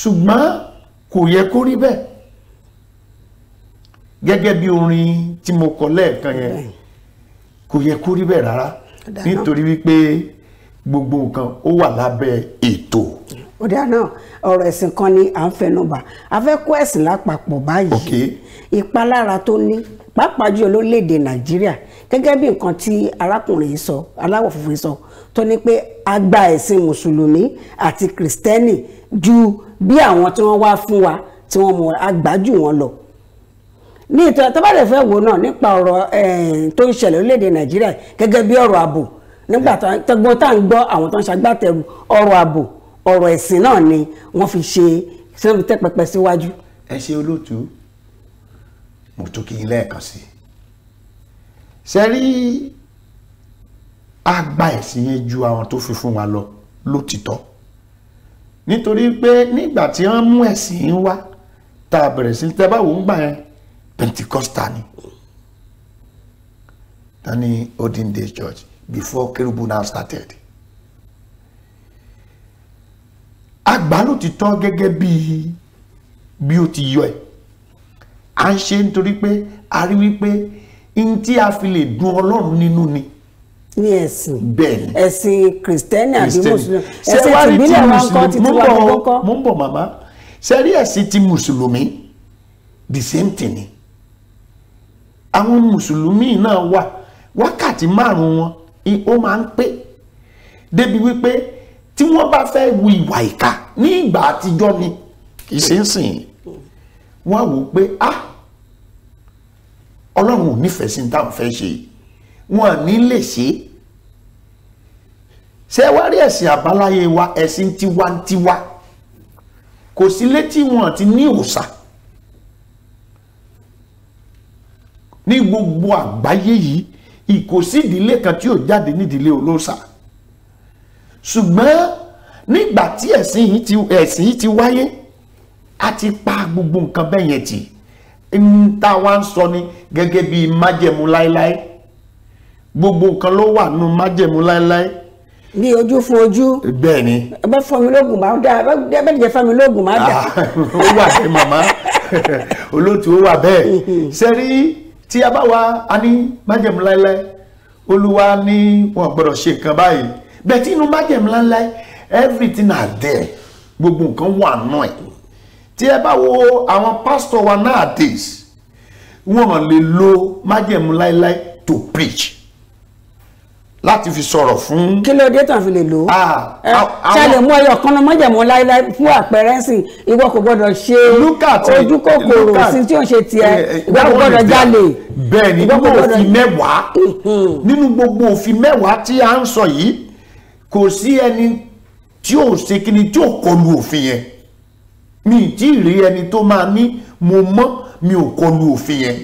ṣùgbọ́n kò yẹ kó rí bẹ́ẹ̀ gẹ́gẹ́ bí orin tí mo kọ lẹ́ẹ̀kan yẹn kò yẹ kó rí bẹ́ẹ̀ rárá nítorí wípé gbogbo nǹkan ó wà lábẹ́ ètò ọ̀dà náà ọ̀rọ̀ ẹ̀sìn kan ni à ń fẹnubà a fẹ́ kó ẹ̀sìn lápapọ̀ báyìí ìpalára tó ní pàápàá jù lórílẹ̀‐èdè nàìjíríà gẹ́gẹ́ bí nǹkan tí arákùnrin yìí sọ aláwọ̀ funfun sọ tó ní pé a gba ẹ̀sìn mùsùlùmí àti kìrìsìtẹ́nì ju bí àwọn tí wọ́n wá fún wa tí wọ́n mú a gbà jù wọ́n lọ ní ìtàn tábàdàn fẹ́ wò náà nípa ọ̀rọ̀ tó ń ṣẹlẹ̀ lórílẹ̀‐èdè nàìjíríà gẹ́gẹ́ bí ọ̀rọ̀ ààbò nígbà tó ń gbọ́ àwọn tó ń ṣagbátẹrù ọ̀rọ̀ ààbò ọ̀rọ̀ ẹ̀sìn náà ni wọ́n fi ṣe ṣé wọ́n fi tẹ́ pẹpẹ síwájú. ẹ ṣe olóòtú mo tún kí yín lẹ́ẹ̀kan sí i ṣe rí àgbà ẹ̀sìn yẹn ju àwọn tó fi fún wa lọ lótìtọ́ nítorí pé nígbà tí wọ́n mú ẹ̀sìn wá tá a bẹ̀rẹ̀ sí tẹ́ báwo ń gbà yẹn Pentecostal ni tani odin day church before Kerubu started. àgbà ló ti tọ́ gẹ́gẹ́ bí bí ó ti yọ ẹ̀ à ń ṣe nítorí pé a rí wípé n tí a fi lè dùn ọlọ́run nínú ni. ní ẹ̀sìn bẹ́ẹ̀ni ẹ̀sìn kìrìsìtẹ́nì àbí mùsùlùmí ẹ̀sìn tìbílẹ̀ wa ń kọ́ títí wa ń kọ́. mo ń bọ̀ màmá ṣe rí ẹ̀sìn ti mùsùlùmí the same thing ni àwọn mùsùlùmí náà wà wákàtí márùn-ún wọn ó máa ń pé débi wípé tí wọ́n bá fẹ́ wu ìwà ìka ní ìgbà àtijọ́ ni kì í ṣe ń sìn wọ́n á wò pé ah ọlọ́run ò nífẹ̀ẹ́ sí táwọn fẹ́ ṣe wọn ní lè ṣe ṣé wá rí ẹ̀sìn àbáláyé wa ẹ̀sìn tiwantiwa kò sí létí wọn ti ní òòṣà ní gbogbo àgbáyé yìí ìkòsí kan tí ò jáde nídìílé olóòṣà ṣùgbọ́n nígbà tí ẹ̀sìn yìí ti ẹ̀sìn yìí ti wáyé a ti pa gbogbo nǹkan bẹ́ẹ̀ yẹn tì ń tá a wá ń sọ ni gẹ́gẹ́ bí májẹ̀mú láéláé gbogbo nǹkan ló wà nù májẹ̀mú láéláé. bí ojú fún ojú. bẹ́ẹ̀ ni. ẹ bá fún mi lóògùn máa dá ẹ bá jẹ fún mi lóògùn máa dá. Ah, ó wà bẹ́ẹ̀ màmá olóòtú ó wà bẹ́ẹ̀ sẹ́rí tí a bá wa a ní májẹ̀mú láéláé olúwa ní wọn gbọ́dọ̀ ṣe nǹkan báyìí bẹ̀tí inú májẹ̀mú ńláńlá everything are there gbogbo nǹkan wà náà ẹ̀ tí ẹ bá wo àwọn pásítọ̀ wa nowadays wọ́n lè lo májẹ̀mú láíláí to preach láti fi sọ̀rọ̀ fún. kí ló dé tàn fi lè lò ó. Ah, ah, ṣe lè mú ẹyọ kan náà mọ́jẹ̀mú láíláí fún àpẹẹrẹ sí ìwọ kò gbọdọ̀ ṣe ojú kòkòrò sí tí ò ń ṣe tiẹ̀ eh, eh, ìwọ kò gbọdọ̀ jalè. bẹ́ẹ̀ ni nínú òfin mẹ́wàá mhm. nínú gbogbo òfin mẹ́wàá tí a ń sọ yìí kò sí ẹni tí ò ṣe kí ni tí ò kọlu òfin yẹn mi ì tí ì rí ẹni tó máa ní mo mọ́ mi ò kọlu òfin yẹn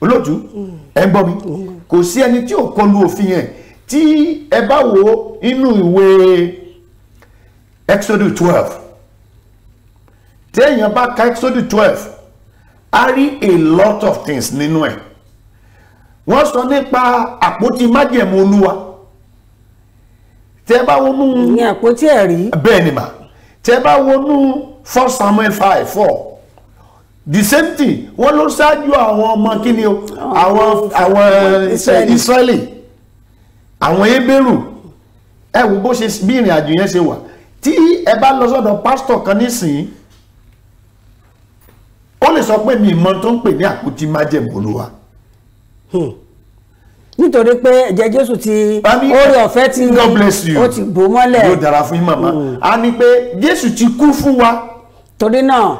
olóòtú ẹ ń gbọ́ mi kò sí ẹni tí ò kọlu òfin yẹn tí ẹ bá wo inú ìwé exodus twelve téèyàn bá ka exodus twelve a rí a lot of things nínú ẹ̀ wọ́n sọ nípa àpótí májẹ̀mú olúwa tẹ́ bá wọnú. ní àpótí ẹ̀rí. bẹ́ẹ̀ ni mà tẹ́ bá wọnú first samuel five four the same thing wọ́n ló ṣáájú àwọn ọmọ kíni o oh, àwọn àwọn eh, israeli àwọn ebéèrú ẹ wo bó ṣe bí ìrìn àjò yẹn ṣe wà tí ẹ bá lọ sọ́dọ̀ pásítọ̀ kan nísìnyí ó lè sọ pé mi ìmọ̀ tó ń pè ní àpótí májẹ̀mú olúwa. Hmm nítorí pé ẹ̀jẹ̀ Jésù ti oore ọ̀fẹ́ ti bò mọ́lẹ̀ yóò dára fún yín mm. a ní pé Jésù ti kú fún wa. torí náà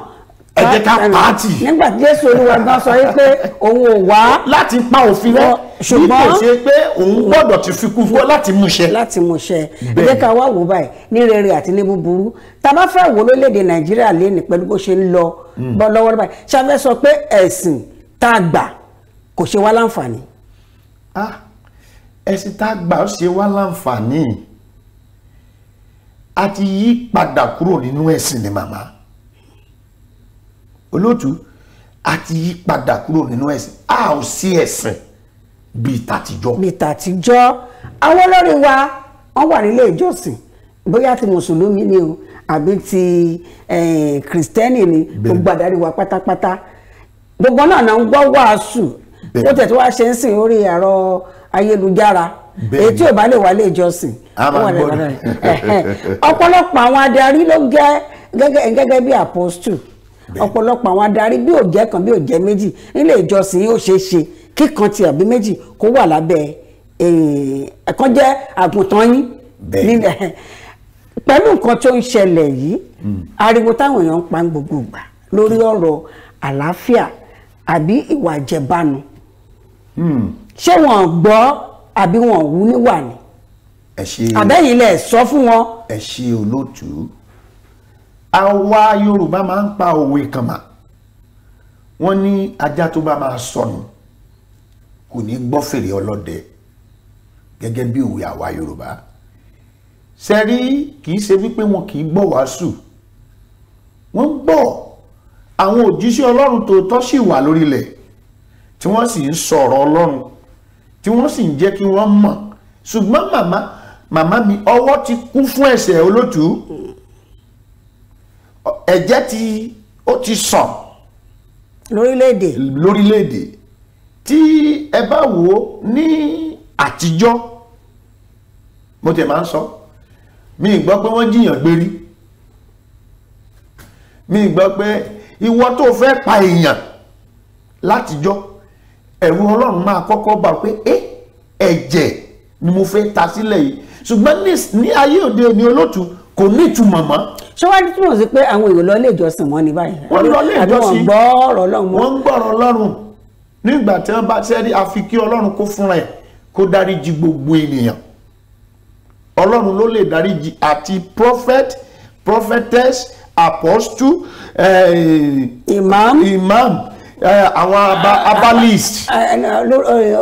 ẹ ká pàátì. nígbà tí Jésù Olúwa gan sọ pé òun ò wá. láti pa òfin rẹ ṣùgbọ́n kò ṣe pé òun gbọ́dọ̀ ti fi kú fún ọ láti mú ṣẹ. láti mú ṣẹ ẹ ká wá wò báyìí ní rere àti ní búburú tá bá fẹ́ wò lórílẹ̀ Nàìjíríà lẹ́nu pẹ̀lú bó ṣe ń lọ mm. bọ́ lọ́wọ́ báyìí ṣáfẹ́ sọ pé ẹ̀sìn tá a gbà kò ṣe wá láǹfààní ah ẹ̀sìn tá a gbà ó ṣe wá láǹfààní a ti yí padà kúrò nínú ẹ̀sìn ni màmá olóòtú a ti yí padà kúrò nínú ẹ̀sìn a ò sí ẹ̀sìn bíi tàtijọ́. bíi tàtijọ́ àwọn olórí wa wọ́n wà nílé ìjọsìn bóyá ti mùsùlùmí ni o àbí ti kìrìsìtẹ́nì ni gbogbo àdáríwá pátápátá gbogbo náà náà ń gbọ́ wàásù ó tẹ̀ tí wàá ṣe ń sìn orí ẹ̀rọ ayélujára èyí tí ò bá lè wá lè jọsìn. ọ̀pọ̀lọpọ̀ àwọn adarí ló jẹ́ gẹ́gẹ́ bí apostle ọ̀pọ̀lọpọ̀ àwọn adarí bí ò jẹ́ kan bí ò jẹ́ méjì nílé ìjọsìn yóò ṣeé ṣe kíkan ti àbí méjì kó wà lábẹ́ ẹ̀kan jẹ́ àgùntàn yín nílẹ̀ pẹ̀lú nǹkan tó ń ṣẹlẹ̀ yìí hmm. ariwo táwọn èèyàn ń pa gbogbo ìgbà lórí ọ̀rọ̀ àlàáfíà àbí ìwà ìjẹbánu ṣé wọn gbọ́ àbí wọn wú níwà ni àbẹ́yìn lẹ̀ sọ fún wọn. ẹ ṣe olóòtú àwa Yorùbá máa ń pa òwe kan mà wọ́n ní ajá tó bá máa sọnù kò ní gbọ́ fèrè ọlọ́dẹ gẹ́gẹ́ bí òwe àwa Yorùbá sẹ́rí kì í ṣe wípé wọn kì í gbọ́ wàásù wọ́n gbọ́ àwọn òjíṣẹ́ Ọlọ́run tòótọ́ sì wà lórílẹ̀ tí wọ́n sì ń sọ̀rọ̀ ọlọ́run tí wọ́n sì ń jẹ́ kí wọ́n mọ̀ ṣùgbọ́n màmá màmá mi ọwọ́ ti kú fún ẹ̀ṣẹ̀ olótú ẹ̀jẹ̀ tí ó ti sàn. lórílẹ̀‐èdè. lórílẹ̀‐èdè tí ẹ bá wò ó ní àtijọ́ mo tẹ̀ máa ń sọ mi gbọ́ pé wọ́n jiyàn gbérí mi gbọ́ pé ìwọ tó fẹ́ pa èèyàn látijọ́ ẹ̀rù ọlọ́run máa kọ́kọ́ bá pé ẹ ẹ̀jẹ̀ ni mo fẹ́ ta sílẹ̀ yìí ṣùgbọ́n ní ayé òde òní olóòtú kò ní ìtumọ̀ mọ́. ṣé wàá túmọ̀ sí pé àwọn èrò lọ ilé ìjọsìn wọn ní báyìí. wọ́n lọ ilé ìjọsìn àbí wọ́n gbọ́ ọ̀rọ̀ ọlọ́run. wọ́n ń gbọ́ ọ̀rọ̀ ọlọ́run nígbà tí wọ́n bá sẹ́rí àfi kí ọlọ́run kó fúnra ẹ̀ kó dáríjì gbogbo ènìyàn ọlọ́run ló lè dáríjì àti prophet prophetess apostle eh, imam àwọn abalist.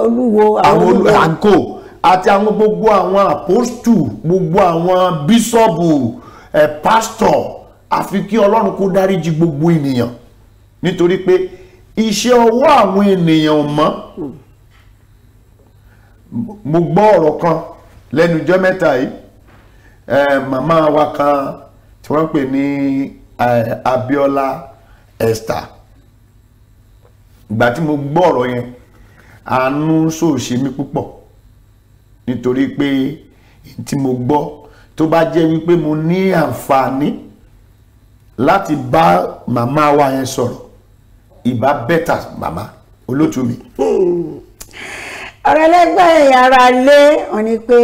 olúwo àwọn àǹkó àti àwọn gbogbo àwọn apostol gbogbo àwọn bíṣọ̀bù pásítọ̀ àfi kí ọlọ́run kó dáríjì gbogbo ènìyàn nítorí pé iṣẹ́ ọwọ́ àwọn ènìyàn ò mọ́ mo gbọ́ ọ̀rọ̀ kan lẹ́nu jọ́ mẹ́ta yìí màmá wa kan tí wọ́n ń pè ní Abíọ́lá Esther ìgbà tí mo gbọ́ ọ̀rọ̀ yẹn àánú ṣòṣe mi púpọ̀ nítorí pé tí mo gbọ́ tó bá jẹ́ wípé mo ní àǹfààní láti bá màmá wa yẹn sọ̀rọ̀ ìbá bẹ́tà màmá olótú mi. ọ̀rọ̀ ẹlẹ́gbẹ́ yàrá lé wọn ni pé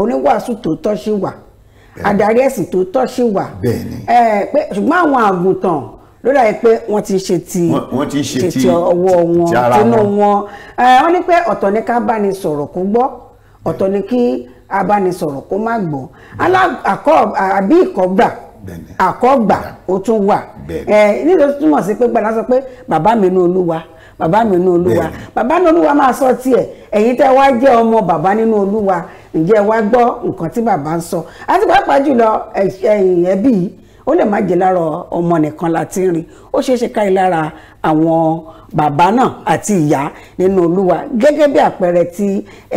oníwàásù tó tọ́ sí wà adarí ẹ̀sìn tó tọ́ sí wà pé ṣùgbọ́n àwọn àgùntàn lórí àyè pé wọ́n ti ṣe ti wọ́n ti ṣe ti ọwọ́ wọn tinú wọn eh, wọ́n ní pé ọ̀tọ̀ ní ká bá ní sọ̀rọ̀ kó gbọ́ ọ̀tọ̀ ní kí a bá ní sọ̀rọ̀ kó má gbọ́ àbí ìkọ́gbà àkọ́gbà ó tún wà eh, nílò túmọ̀ sí pé gbàdá sọ pé bàbá mi ní olúwa bàbá mi nínú olúwa bàbá nínú olúwa máa sọ tiẹ̀ ẹ̀yin tẹ́ wá jẹ́ ọmọ bàbá nínú olúwa ǹjẹ́ wá gbọ́ nǹkan tí bàbá ń sọ àti pàápàá jùlọ ẹbí yìí ó lè má jẹ́ lára ọmọ nìkan la ti ń rí ó ṣeé ṣe káyìí lára àwọn bàbá náà àti ìyá nínú olúwa gẹ́gẹ́ bí àpẹẹrẹ tí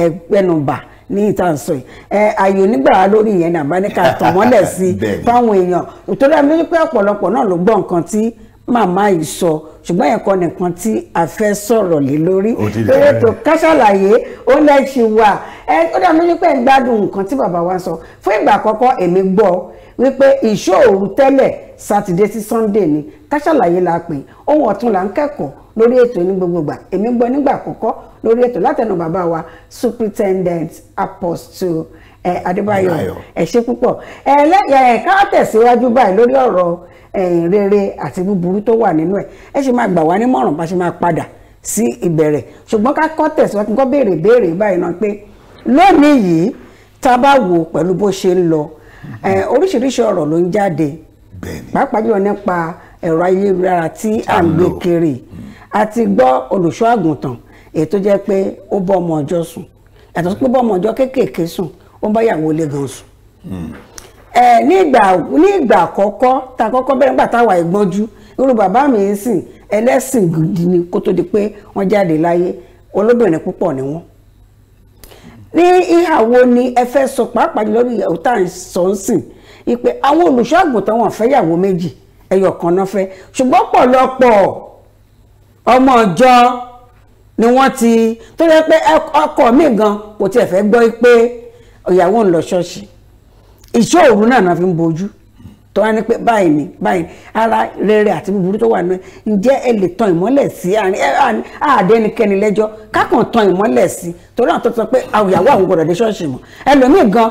ẹgbẹ́nubà ní ìtànsọ yìí ẹ ayò nígbà lórí ìyẹn nàbá ní ká tàn mọ́lẹ̀ sí i fáwọn èèyàn ìtọ́jú àmì wípé ọ̀pọ̀lọpọ̀ náà ló gbọ́ nǹkan tí màmá yìí sọ ṣùgbọ́n yẹn kọ́ nìkan tí a fẹ́ sọ̀rọ̀ lé lórí lórí ètò Ká Sálàyé ó lẹ́sìn wà ẹ ó dàbí wípé ẹ gbádùn nǹkan tí bàbá wa sọ fún ìgbà àkọ́kọ́ èmi gbọ́ wípé ìṣòòru tẹ́lẹ̀ sátidé sí sunday ni káṣàlàyé la pè ohun ọ̀tún là ń kẹ́kọ̀ọ́ lórí ètò ní gbogbogbà èmi gbọ́ nígbà àkọ́kọ́ lórí ètò látẹnu bàbá wa superintendent apostle eh, adébáyọ̀ ẹ ṣé púpọ̀ ká tẹ̀síwájú báyìí lórí ọ̀rọ̀ eh, rere àti búburú tó wà nínú ẹ̀ ẹ ṣe máa gbà wá nímọ̀ràn bá ṣe máa padà sí ìbẹ̀rẹ̀ ṣùgbọ́n ká kọ́ tẹ̀síwájú kí n kọ́ béèrè béèrè báyìí náà pé lónìí yìí tá a bá wò pẹ̀lú bó ṣe ń lọ oríṣiríṣi ọ̀rọ̀ ló ń jáde pàápàá jùlọ nípa ẹ̀rọ ayélujára tí à ń gbé kiri àti gbọ́ olùṣọ́ àgùntàn èyí tó jẹ́ pé ó bọ́ ọmọ ọjọ́ sùn yàtọ̀ sí pé bọ́ ọmọ ọjọ́ kéékèèké sùn ó bá ìyàwó ilé gan sùn. Hmm. ní ìgbà ní ìgbà àkọ́kọ́ tá a kọ́kọ́ bẹ̀rẹ̀ nígbà táwa ìgbọ́njú irú bàbá mi ń sìn ẹlẹ́sìn gidi ni kó tó di pé wọ́n jáde láyé olóbìnrin púpọ̀ ni wọ́n ní ìhà wo ni ẹ fẹ́ sọ pàápàá jùlọ ní ìyàwó tá à ń sọ ń sìn ìpè àwọn olùṣọ́ àgùntàn wọn fẹ́ yàwó méjì ẹyọ kan náà fẹ́ ṣùgbọ́n pọ̀lọpọ̀ ọmọ ọjọ́ ni wọ́n ti tó yẹ pé ọkọ mi gan kò tiẹ̀ fẹ́ gbọ́ pé ìyàwó ń lọ ṣọ́ọ̀ṣì ìṣòro náà náà fi ń bojú tó wá ní pé báyìí ni báyìí ara rere àti búburú tó wà nínú ǹjẹ́ ẹ lè tan ìmọ́lẹ̀ sí àárín àdẹnikẹ́ni lẹ́jọ́ kákan tan ìmọ́lẹ̀ sí torí àwọn tó sọ pé àwòyàwó àwọn gbọ́dọ̀ dé ṣọ́ọ̀ṣì mọ́ ẹlòmíì gan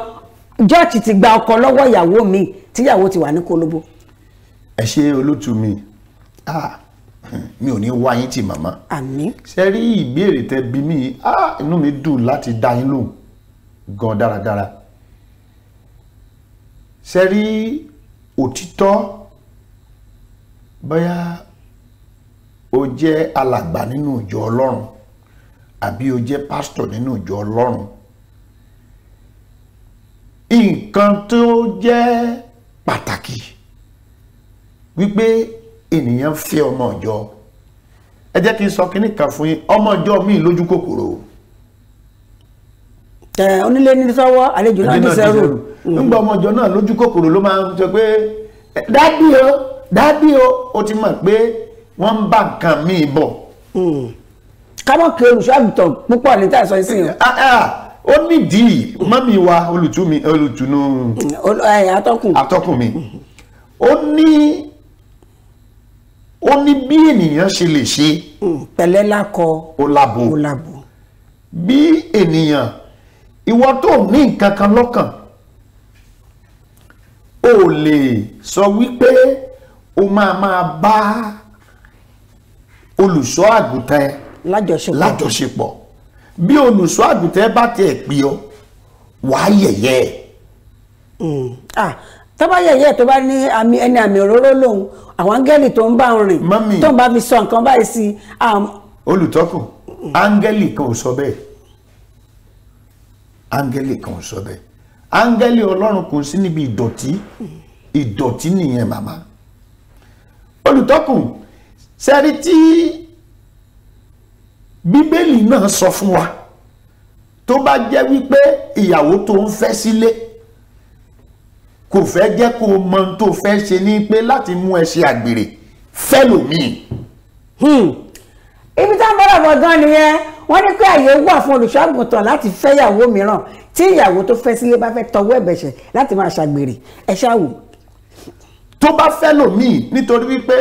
jọ́ọ̀chì ti gba ọkọ lọ́wọ́ ìyàwó mi tíyàwó ti wà ní kólóbó. ẹ ṣe olótú mi mi ò ní wá yín tì màmá ṣe rí ìbéèrè tẹ bí mi inú mi dùn láti dá yín lóhùn gan dáradára ṣe rí òtítọ́ bóyá o jẹ́ alàgbà nínú ìjọ ọlọ́run àbí o jẹ́ pásítọ̀ nínú ìjọ ọlọ́run nǹkan tó jẹ́ pàtàkì wípé ènìyàn fẹ́ ọmọ ìjọ ẹ jẹ́ kí n sọ kínní kan fún yín ọmọ ìjọ mi lójú kòkòrò. onílé ní sọ́wọ́ àlejò náà ní sẹ́rù nígbà mm. ọmọjọ náà lójú kòkòrò ló máa ń sọ pé eh, dádì o dádì o ó ti mọ̀ pé wọ́n ń bá nǹkan míì bọ̀. Mm. káwọn kí olùṣọ́àgùtàn púpọ̀ ní tàìsọ ìsìn. Ah, ah, ó nídìí mọ́mí wa olùtúmi olùtùnú mm, eh, atọ́kùn atọ́kùn mi mm-hmm. ó ní ó ní bí ènìyàn ṣe lè ṣe. pẹ̀lẹ́ lákọ ó labo ó labo bí ènìyàn ìwọ tó ní nǹkan kan lọ́kàn o lè sọ wípé o máa máa bá olùṣọ́ àgùntàn lájọṣepọ̀ bí olùṣọ́ àgùntàn bá tiẹ̀ pè ọ́ wàá yẹ̀yẹ́ ẹ̀ hmm. tó bá yẹ̀yẹ́ tó bá ní àmì ẹni àmì òróró lòun àwọn áńgẹ́lì tó ń bá ń rìn tó ń bá fi sọ nǹkan báyìí sí i. olùtọ́kùn áńgẹ́lì kan ò sọ bẹ́ẹ̀ áńgẹ́lì kan ò sọ bẹ́ẹ̀ áńgẹ́lì ọlọ́run kò sí níbi ìdọ̀tí ìdọ̀tí nìyẹn màmá olùtọ́kùn sẹ́rí tí bíbélì náà sọ fún wa tó bá jẹ́ wípé ìyàwó tó ń fẹ́ sílé kò fẹ́ jẹ́ kó mọ tó fẹ́ ṣe ní pé láti mú ẹ ṣe àgbèrè fẹ́ lòmíì. Hmm. ibi táwọn bọ́dọ̀ bọ̀ gan nìyẹn wọ́n ní pé àyè wà fún olùṣọ́ láti fẹ́yàwó mìíràn tí ìyàwó tó fẹ́ sílé bá fẹ́ tọwọ́ ẹ̀bẹ̀ṣẹ̀ láti máa ṣàgbèrè ẹ ṣáwò. tó bá fẹ́ lòmíì nítorí wípé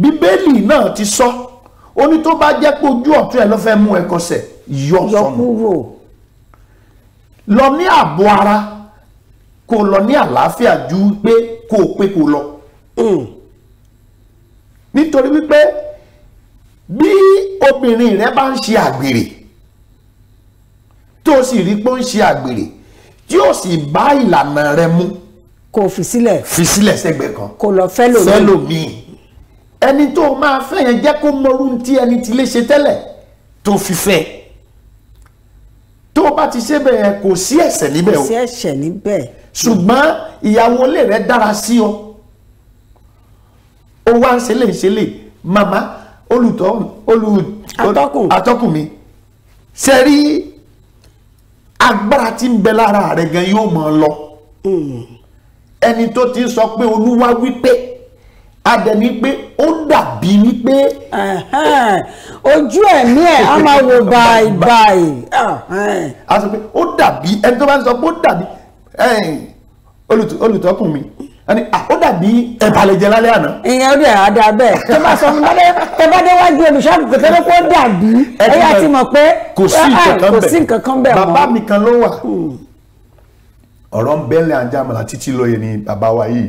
bíbélì náà ti sọ ó ní tó bá jẹ́ pé ojú ọ̀tún ẹ̀ ló fẹ́ mú ẹ kọsẹ̀ yọ sọnù lọ ní ààbò ara kó lọ ní àlàáfíà ju pé kó pé kó lọ. Hmm. nítorí wípé bí obìnrin rẹ bá ń ṣe àgbèrè tó sì rí pé ó ń ṣe àgbèrè tí ó sì bá ìlànà rẹ mu. kò fi sílẹ̀. fi sílẹ̀ sẹ́gbẹ̀ẹ́ kan. kò lọ fẹ́ lòmíì. fẹ́ lòmíì. ẹni tó o máa fẹ́ yẹn jẹ́ kó mọrú tí ẹni ti lè ṣe tẹ́lẹ̀ tó fi fẹ́. tó o bá ti ṣe bẹ́ẹ̀ kò sí ẹ̀ṣẹ̀ níbẹ̀ o. kò sí ẹ̀ṣẹ̀ níbẹ̀. ṣùgbọ́n ìyàwó ilé rẹ dára sí ọ. ó wá ń ṣe lè màmá olùtọ́ olù atọ́kùn mi ṣe rí agbára tí ń bẹ lára rẹ̀ gan yóò mọ̀ lọ hmm. ẹni tó ti sọ pé olúwa wípé adẹni pé ó dàbí ní pé. ojú ẹ̀mí ẹ̀ á máa wo báyìí báyìí. a sọ pé ó dàbí ẹni tó bá ń sọ pé ó dàbí olùtọ́kùn mi ẹni ah, ó dàbí ẹ̀bàlẹ̀jẹ̀ lálẹ́ àná. ìyẹn ó dẹ̀ àdá bẹ́ẹ̀ tó bá sọ tó bá déwájú olùṣọ́àgùn kò tẹ́lẹ̀ kó dàbí ẹ̀yà ti mọ̀ pé kò sí ah, nǹkan kan bẹ́ẹ̀ mọ́. bàbá mi kan ló wà hmm. ọ̀rọ̀ ń bẹ́ẹ̀lẹ̀ àjàmọ̀lá títí lóye ni bàbá wa yìí.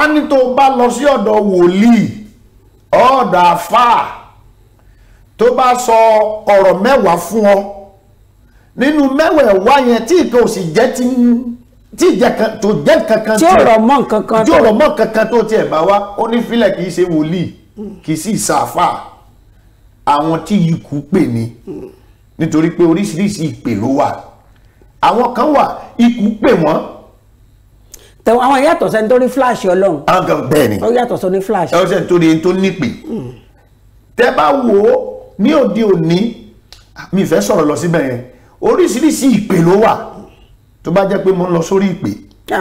a ní tó bá lọ sí ọ̀dọ̀ wòlíì ọ̀dọ̀ àfáà tó bá sọ ọ̀rọ̀ mẹ́wàá fún ọ nínú mẹ́wàá wá yẹn tí ìkan ò tí ìjẹ kan tó jẹ kankan tí ọ̀rọ̀ mọ́ nkankan tí ọ̀rọ̀ mọ́ kankan tó tiẹ̀ bá wá ó ní filẹ̀ kì í ṣe wòlíì kì í sì ṣàfà àwọn tí ikú pè ní nítorí pé oríṣiríṣi ìpè ló wà àwọn kan wà ikú pè wọ́n. tẹ̀wọ̀n àwọn yàtọ̀ sẹ́ni tó rí flash ọlọ́run. àwọn bẹ́ẹ̀ ni ó yàtọ̀ sọ ní flash. ẹ sẹ́ni tó rí ẹni tó nípè. tẹ́ bá wò ó ní òde òní mi fẹ́ sọ̀rọ̀ lọ síbẹ̀ yẹn oríṣiríṣi ìpè ló wà tó bá jẹ́ pé mo ń lọ sórí ìpè.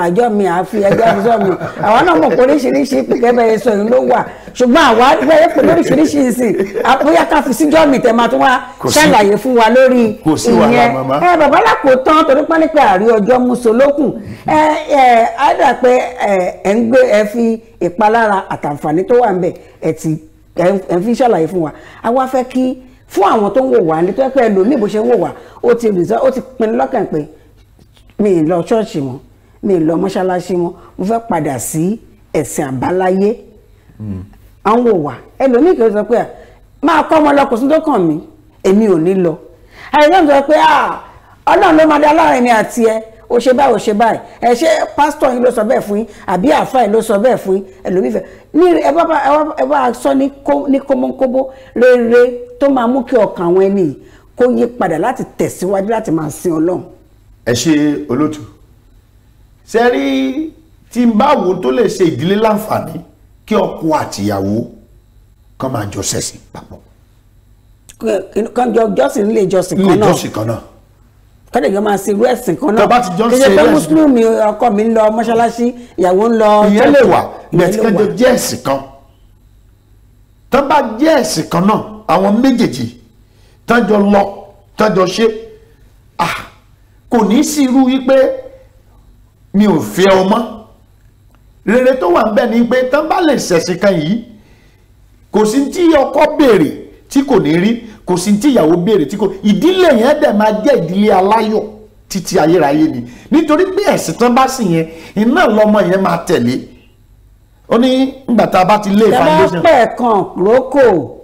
àjọ mi àfi ẹgbẹ́ àjọ mi àwa náà mọ̀ pé oríṣiríṣi ìpè kẹ́bẹ̀ yẹn sọ yìí ló wà ṣùgbọ́n àwa wẹ́yẹ pé lóríṣiríṣi ìsìn àbóyá ká fi síjọ́ mi tẹ̀ máa tún wá ṣàlàyé fún wa lórí ìyẹn ẹ bàbá làpò tán torí pọ́n nípa àrí ọjọ́ musolókùn ẹ ẹ á dà pé ẹ ń gbé ẹ fi ìpalára àtàǹfààní tó wà ń bẹ̀ ẹ ti ẹ fi ṣàlàyé fún wa àwa fẹ́ kí fún àwọn tó ń wò wá ní tó ẹ pé bó ṣe ń wò wá ó ti pinnu lọ́kàn pé mi ì lọ ṣọ́ọ̀ṣì mọ́ mi ì lọ mọ́ṣáláṣí mọ́ mo fẹ́ padà sí ẹ̀sìn àbáláyé àwọn ò wà ẹlòmíì kì í sọ pé máa kọ́ ọmọ ọlọ́kùn sí tó kàn mí èmi ò ní lọ àìsàn sọ pé ọlọ́run ló máa dá láàrin mi àti ẹ o ṣe báyìí o ṣe báyìí ẹ ṣe pásítọ̀ yín ló sọ bẹ́ẹ̀ fún yín àbí àáfà yín ló sọ bẹ́ẹ̀ fún yín ẹlòmíì fẹ́ ní ẹ bá ẹ bá sọ ní kómọ́nkóbó rere tó máa mú kí ọkàn àwọn ẹni yìí kó yí padà láti tẹ̀síwájú láti máa sin ọlọ́run ẹ ṣe olótú ṣe rí tí n bá wo tó lè ṣe ìdílé láǹfààní kí ọkọ àtìyàwó kan máa jọ ṣẹ̀sìn papọ̀. kan jọ jọ́sìn nílé ìjọsìn kan náà nílé ìjọsìn kan náà kọ́dẹ̀ yóò máa ṣe irú ẹ̀sìn kan náà kí ṣe pé mùsùlùmí ọkọ mi ń lọ mọ́ṣáláṣí ìyàwó ń lọ. ìyẹn lè wà ìgbẹ̀tìkẹ́jọ jẹ́ ẹ̀sìn kan tó bá jẹ́ ẹ̀sìn kan náà àwọn méjèèjì tájọ lọ tájọ ṣe kò ní sí irú wípé mi ò fẹ́ ọmọ rere tó wà ń bẹ ni pé tán bá lè ṣẹ̀sìn kan yìí kò sí tí ọkọ béèrè tí kò ní rí kò sí tí ìyàwó béèrè tí kò ìdílé yẹn dẹ̀ máa jẹ́ ìdílé aláyọ̀ títí ayérayé ni nítorí pé ẹ̀sìn tán bá sì yẹn iná lọmọ yẹn máa tẹ̀lé ó ní nígbà bá ti lé foundation. tẹ́lẹ̀ pẹ̀ kan lóko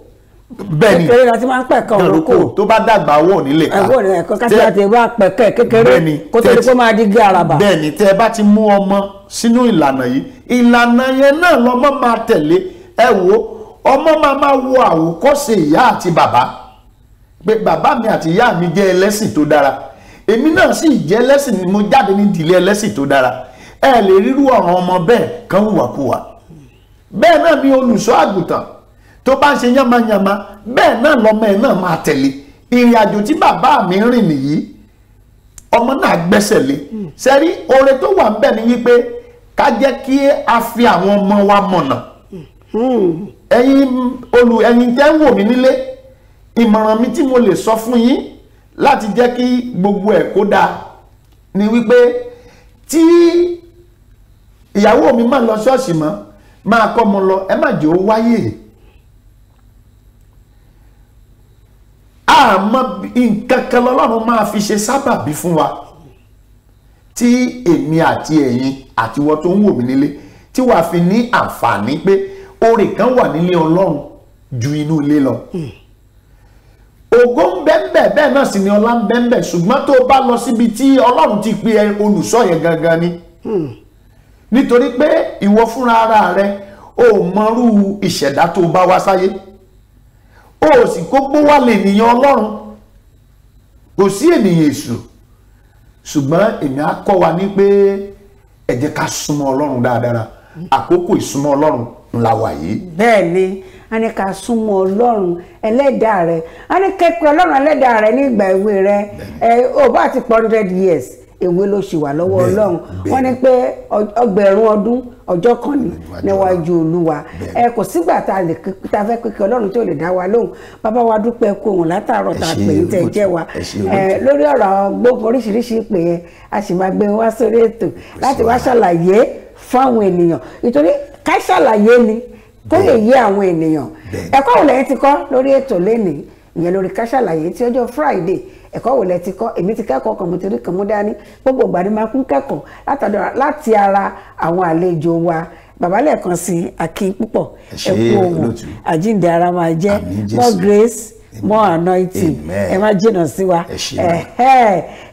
bẹ́ẹ̀ni kékeré la ti máa ń pẹ̀kọ́ olóko tó bá dàgbà owó ò nílé ká ẹ̀wọ́ ni ẹ̀kọ́ kásìkò àti ìwà pẹ̀kẹ́ kékeré kó tó di pé máa di gé araba. bẹ́ẹ̀ni tẹ ẹ bá ti mú ọmọ sínú ìlànà yìí ìlànà yẹn náà lọmọ máa tẹ̀lé ẹ wo ọmọ máa máa wo àwòkọ́ṣe ìyá àti bàbá pé bàbá mi àti ìyá mi jẹ́ ẹlẹ́sìn tó dára èmi náà sì jẹ́ ẹlẹ́sìn ni mo jáde ní ìdílé ẹlẹ́sìn tó dára ẹ lè rírú ọ̀ràn ọmọ bẹ́ẹ̀ kan hùwàkùwà bẹ́ẹ̀ náà ni olùṣọ́ àgùntàn tó bá ń ṣe yánmayànma bẹ́ẹ̀ náà lọ́mọ ẹ̀ náà máa tẹ̀lé ìrìn àjò tí bàbá mi ń rìn nìyí ọmọ náà gbẹ́sẹ̀ lé sẹ́rí oore tó wà ń ni wípé ká jẹ́ kí a fi àwọn ọmọ wa mọ̀nà ẹ̀yin olù ẹ̀yin tẹ́ ń wò mí nílé ìmọ̀ràn mi tí mo lè sọ fún yín láti jẹ́ kí gbogbo ẹ̀ kó dáa ni wípé tí ìyàwó mi máa lọ ṣọ́ọ̀ṣì mọ́ máa kọ́ mo lọ ẹ má jẹ́ ó wáyé yìí àmọ́ nǹkan kan lọ́lọ́run máa fi ṣe sábàbí fún wa tí èmi àti ẹ̀yin àti wọ́n tó ń wò mí nílé tí wàá fi ní àǹfààní pé oore kan wà nílé ọlọ́run ju inú ilé lọ. Hmm. ògo ń bẹ́ńbẹ̀ bẹ́ẹ̀ náà sì ni ọlá ń bẹ́ńbẹ̀ ṣùgbọ́n tó bá lọ síbi tí ọlọ́run ti pe olùṣọ́ yẹn gangan ni. Hmm. nítorí pé ìwọ fúnra ara rẹ ò mọrú ìṣẹ̀dá tó bá wá sáyé o sì gbogbo wa lè nìyàn ọlọ́run kò sí ènìyàn èṣù ṣùgbọ́n èmi á kọ́ wa ní pé ẹ jẹ́ ká súnmọ́ ọlọ́run dáadáa àkókò ìsúnmọ́ ọlọ́run ńlá wà yìí. bẹ́ẹ̀ ni a ní ká súnmọ́ ọlọ́run ẹlẹ́dàá rẹ a ní kẹ́kọ̀ọ́ ọlọ́run ẹlẹ́dàá rẹ ní ìgbà èwe rẹ ẹ ò bá ti hundred years èwe ló ṣì wà lọ́wọ́ ọlọ́run wọ́n ní pé ọgbẹ̀rún ọdún ọjọ́ kan níwájú olúwa ẹ kò sígbà tá a lè ta fẹ́ pé kí ọlọ́run tó lè dá wa lóhùn bàbá wa dúpẹ́ kó òun látàárọ̀ tá a pè ní tẹ̀ jẹ́ wa lórí ọ̀rọ̀ gbogbo oríṣiríṣi pè a sì máa gbé wá sórí ètò láti wá ṣàlàyé fáwọn ènìyàn nítorí ká ṣàlàyé ni kó lè yé àwọn ènìyàn ẹ̀kọ́ òun lẹ́yìn ti kọ́ lórí ètò lénìí ìyẹn lórí ká ṣàlàyé tí ọjọ́ Friday ẹ̀kọ́ wo lẹ ti kọ́ èmi ti kẹ́kọ̀ọ́ kan mo ti rí kan mo dání gbogbo ìgbà ni máa kún kẹ́kọ̀ọ́ láti ara àwọn àlejò wa bàbá lẹ́ẹ̀kan sí akin púpọ̀ ẹ kú ohun àjíǹde ara máa jẹ́ more grace more anointing ẹ má jìnnà sí wa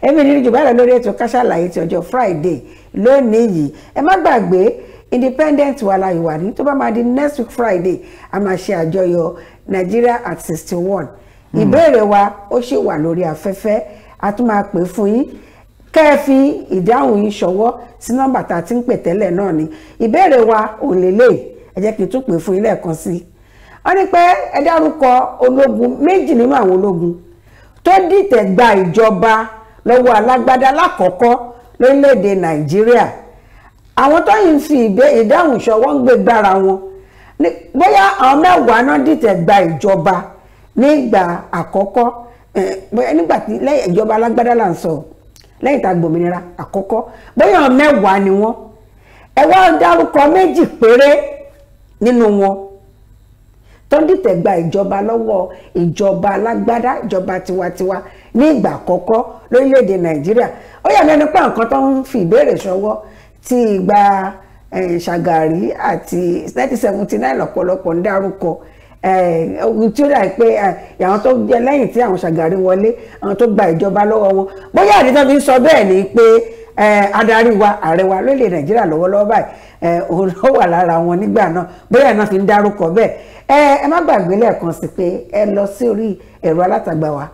èmi ní jù báyìí lórí ètò Ká Sálàyé ti ọjọ́ Friday lónìí yìí ẹ má gbàgbé independent wa la ìwà ní tó bá máa di next week Friday a máa ṣe àjọyọ̀ Nigeria at sixty one Hmm. ìbéèrè wa ó ṣì wà lórí afẹ́fẹ́ a tún máa pè fún yín kẹ́ ẹ fi ìdáhùn yín ṣọwọ́ sí nọ́mbà tá a ti ń pè tẹ́lẹ̀ náà ni ìbéèrè wa ò lélẹ̀ ẹ jẹ́ kí n tún pè fún yín lẹ́ẹ̀kan sí i wọ́n ní pé ẹ dárúkọ ológun méjì nínú àwọn ológun tó dìtẹ̀ gba ìjọba lọ́wọ́ alágbádá lákọ̀ọ́kọ́ lórílẹ̀‐èdè nàìjíríà àwọn tó yìí ń fi ìdáhùn ṣọwọ́ ń gbé gbára wọn bóyá àwọn mẹ́wàá náà dìtẹ̀ gba ìjọba nígbà àkọ́kọ́ eh, bóyá nígbà tí lẹ́yìn ìjọba alágbádá là ń sọ lẹ́yìn tá a gbòmìnira àkọ́kọ́ bóyá mẹ́wàá ni wọ́n ẹ wá dárúkọ méjì péré nínú wọn tó dìtẹ̀ gba ìjọba lọ́wọ́ ìjọba alágbádá ìjọba tiwantiwa ní ìgbà àkọ́kọ́ lórílẹ̀‐èdè nàìjíríà ó yà lẹ́nu pé nǹkan tó ń fi ìbéèrè ṣọwọ́ ti ìgbà eh, ṣàgàrí àti 1979 ọ̀pọ̀lọpọ̀ ń dárúkọ tí ó dàbí pé àwọn tó jẹ lẹ́yìn tí àwọn Ṣàgàrí wọlé àwọn tó gba ìjọba lọ́wọ́ wọn bóyá àdìtọ́ fi ń sọ bẹ́ẹ̀ ni pé adarí wa ààrẹ wa lórílẹ̀ Nàìjíríà lọ́wọ́lọ́wọ́ báyìí òun ló wà lára wọn nígbà náà bóyá iná fi ń dárúkọ bẹ́ẹ̀ ẹ má gbàgbé lẹ́ẹ̀kan sí pé ẹ lọ sí orí ẹ̀rọ alátagbà wa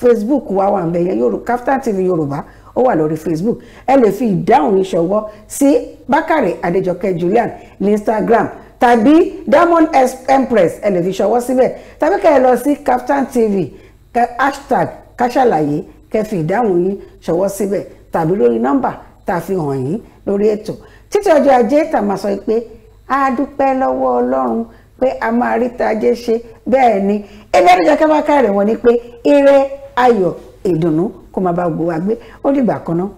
Facebook wa wà ń bẹ yẹn Kaftan TV Yorùbá ó wà lórí Facebook ẹ lè fi ìdáhùn yín ṣọwọ́ sí Bákàrẹ̀ Adéjọkẹ́ Julian ní Instagram tàbí diamond empress ẹ lè fi ṣọwọ́ síbẹ̀ tàbí kẹ́ ẹ lọ sí Kaftan TV hashtag káṣàlàyé kẹ́ fi ìdáhùn yín ṣọwọ́ síbẹ̀ tàbí lórí nọ́mbà tá a fi hàn yín lórí ètò títí ọjọ́ ajé tá máa sọ pé a dúpẹ́ lọ́wọ́ Ọlọ́run pé a máa rí tajé ṣe bẹ́ẹ̀ ni eléyìí jẹ́ ká bá káàrẹ̀ wọn ni pé ire ayọ̀ ìdùnnú kó máa bá gbowó agbé ó dìgbà kan náà.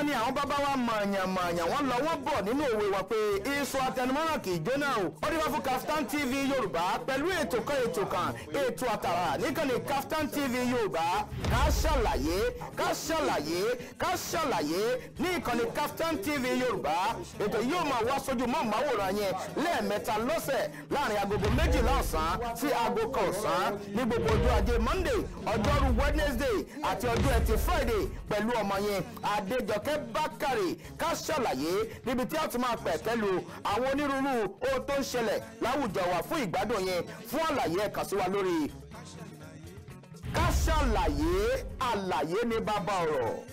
wọ́n ní àwọn bàbá wa mààyàn mààyàn wọ́n lọ wọ́n bọ̀ nínú òwe wa pé èso àtẹnumọ́ràn kì í jóná o ó dé wá fún Kaftan TV Yorùbá pẹ̀lú ètò kan ètò kan ètò àtàrà níkànnì Kaftan TV Yorùbá ká ṣàlàyé ká ṣàlàyé ká ṣàlàyé ní ìkànnì Kaftan TV Yorùbá ètò yóò máa wá sójú mọ́ màwòrán yẹn lẹ́ẹ̀mẹ́ta lọ́sẹ̀ láàrin agogo méjìlá ọ̀sán sí aago kan ọ̀sán ní gbogbo ọjọ́ ajé Monday ọjọ́rú Wednesday àti ọjọ́ ẹtì Friday pẹ̀lú ọmọ yẹn Adéjọkẹ́ Fúnkẹ́ Bákàrè ká ṣàlàyé níbi tí a ti máa pẹ̀kẹ́ lu àwọn onírúurú ohun tó ń ṣẹlẹ̀ láwùjọ wa fún ìgbádùn yẹn fún àlàyé ẹ sí wa lórí ká ṣàlàyé àlàyé ní bàbá ọ̀rọ̀.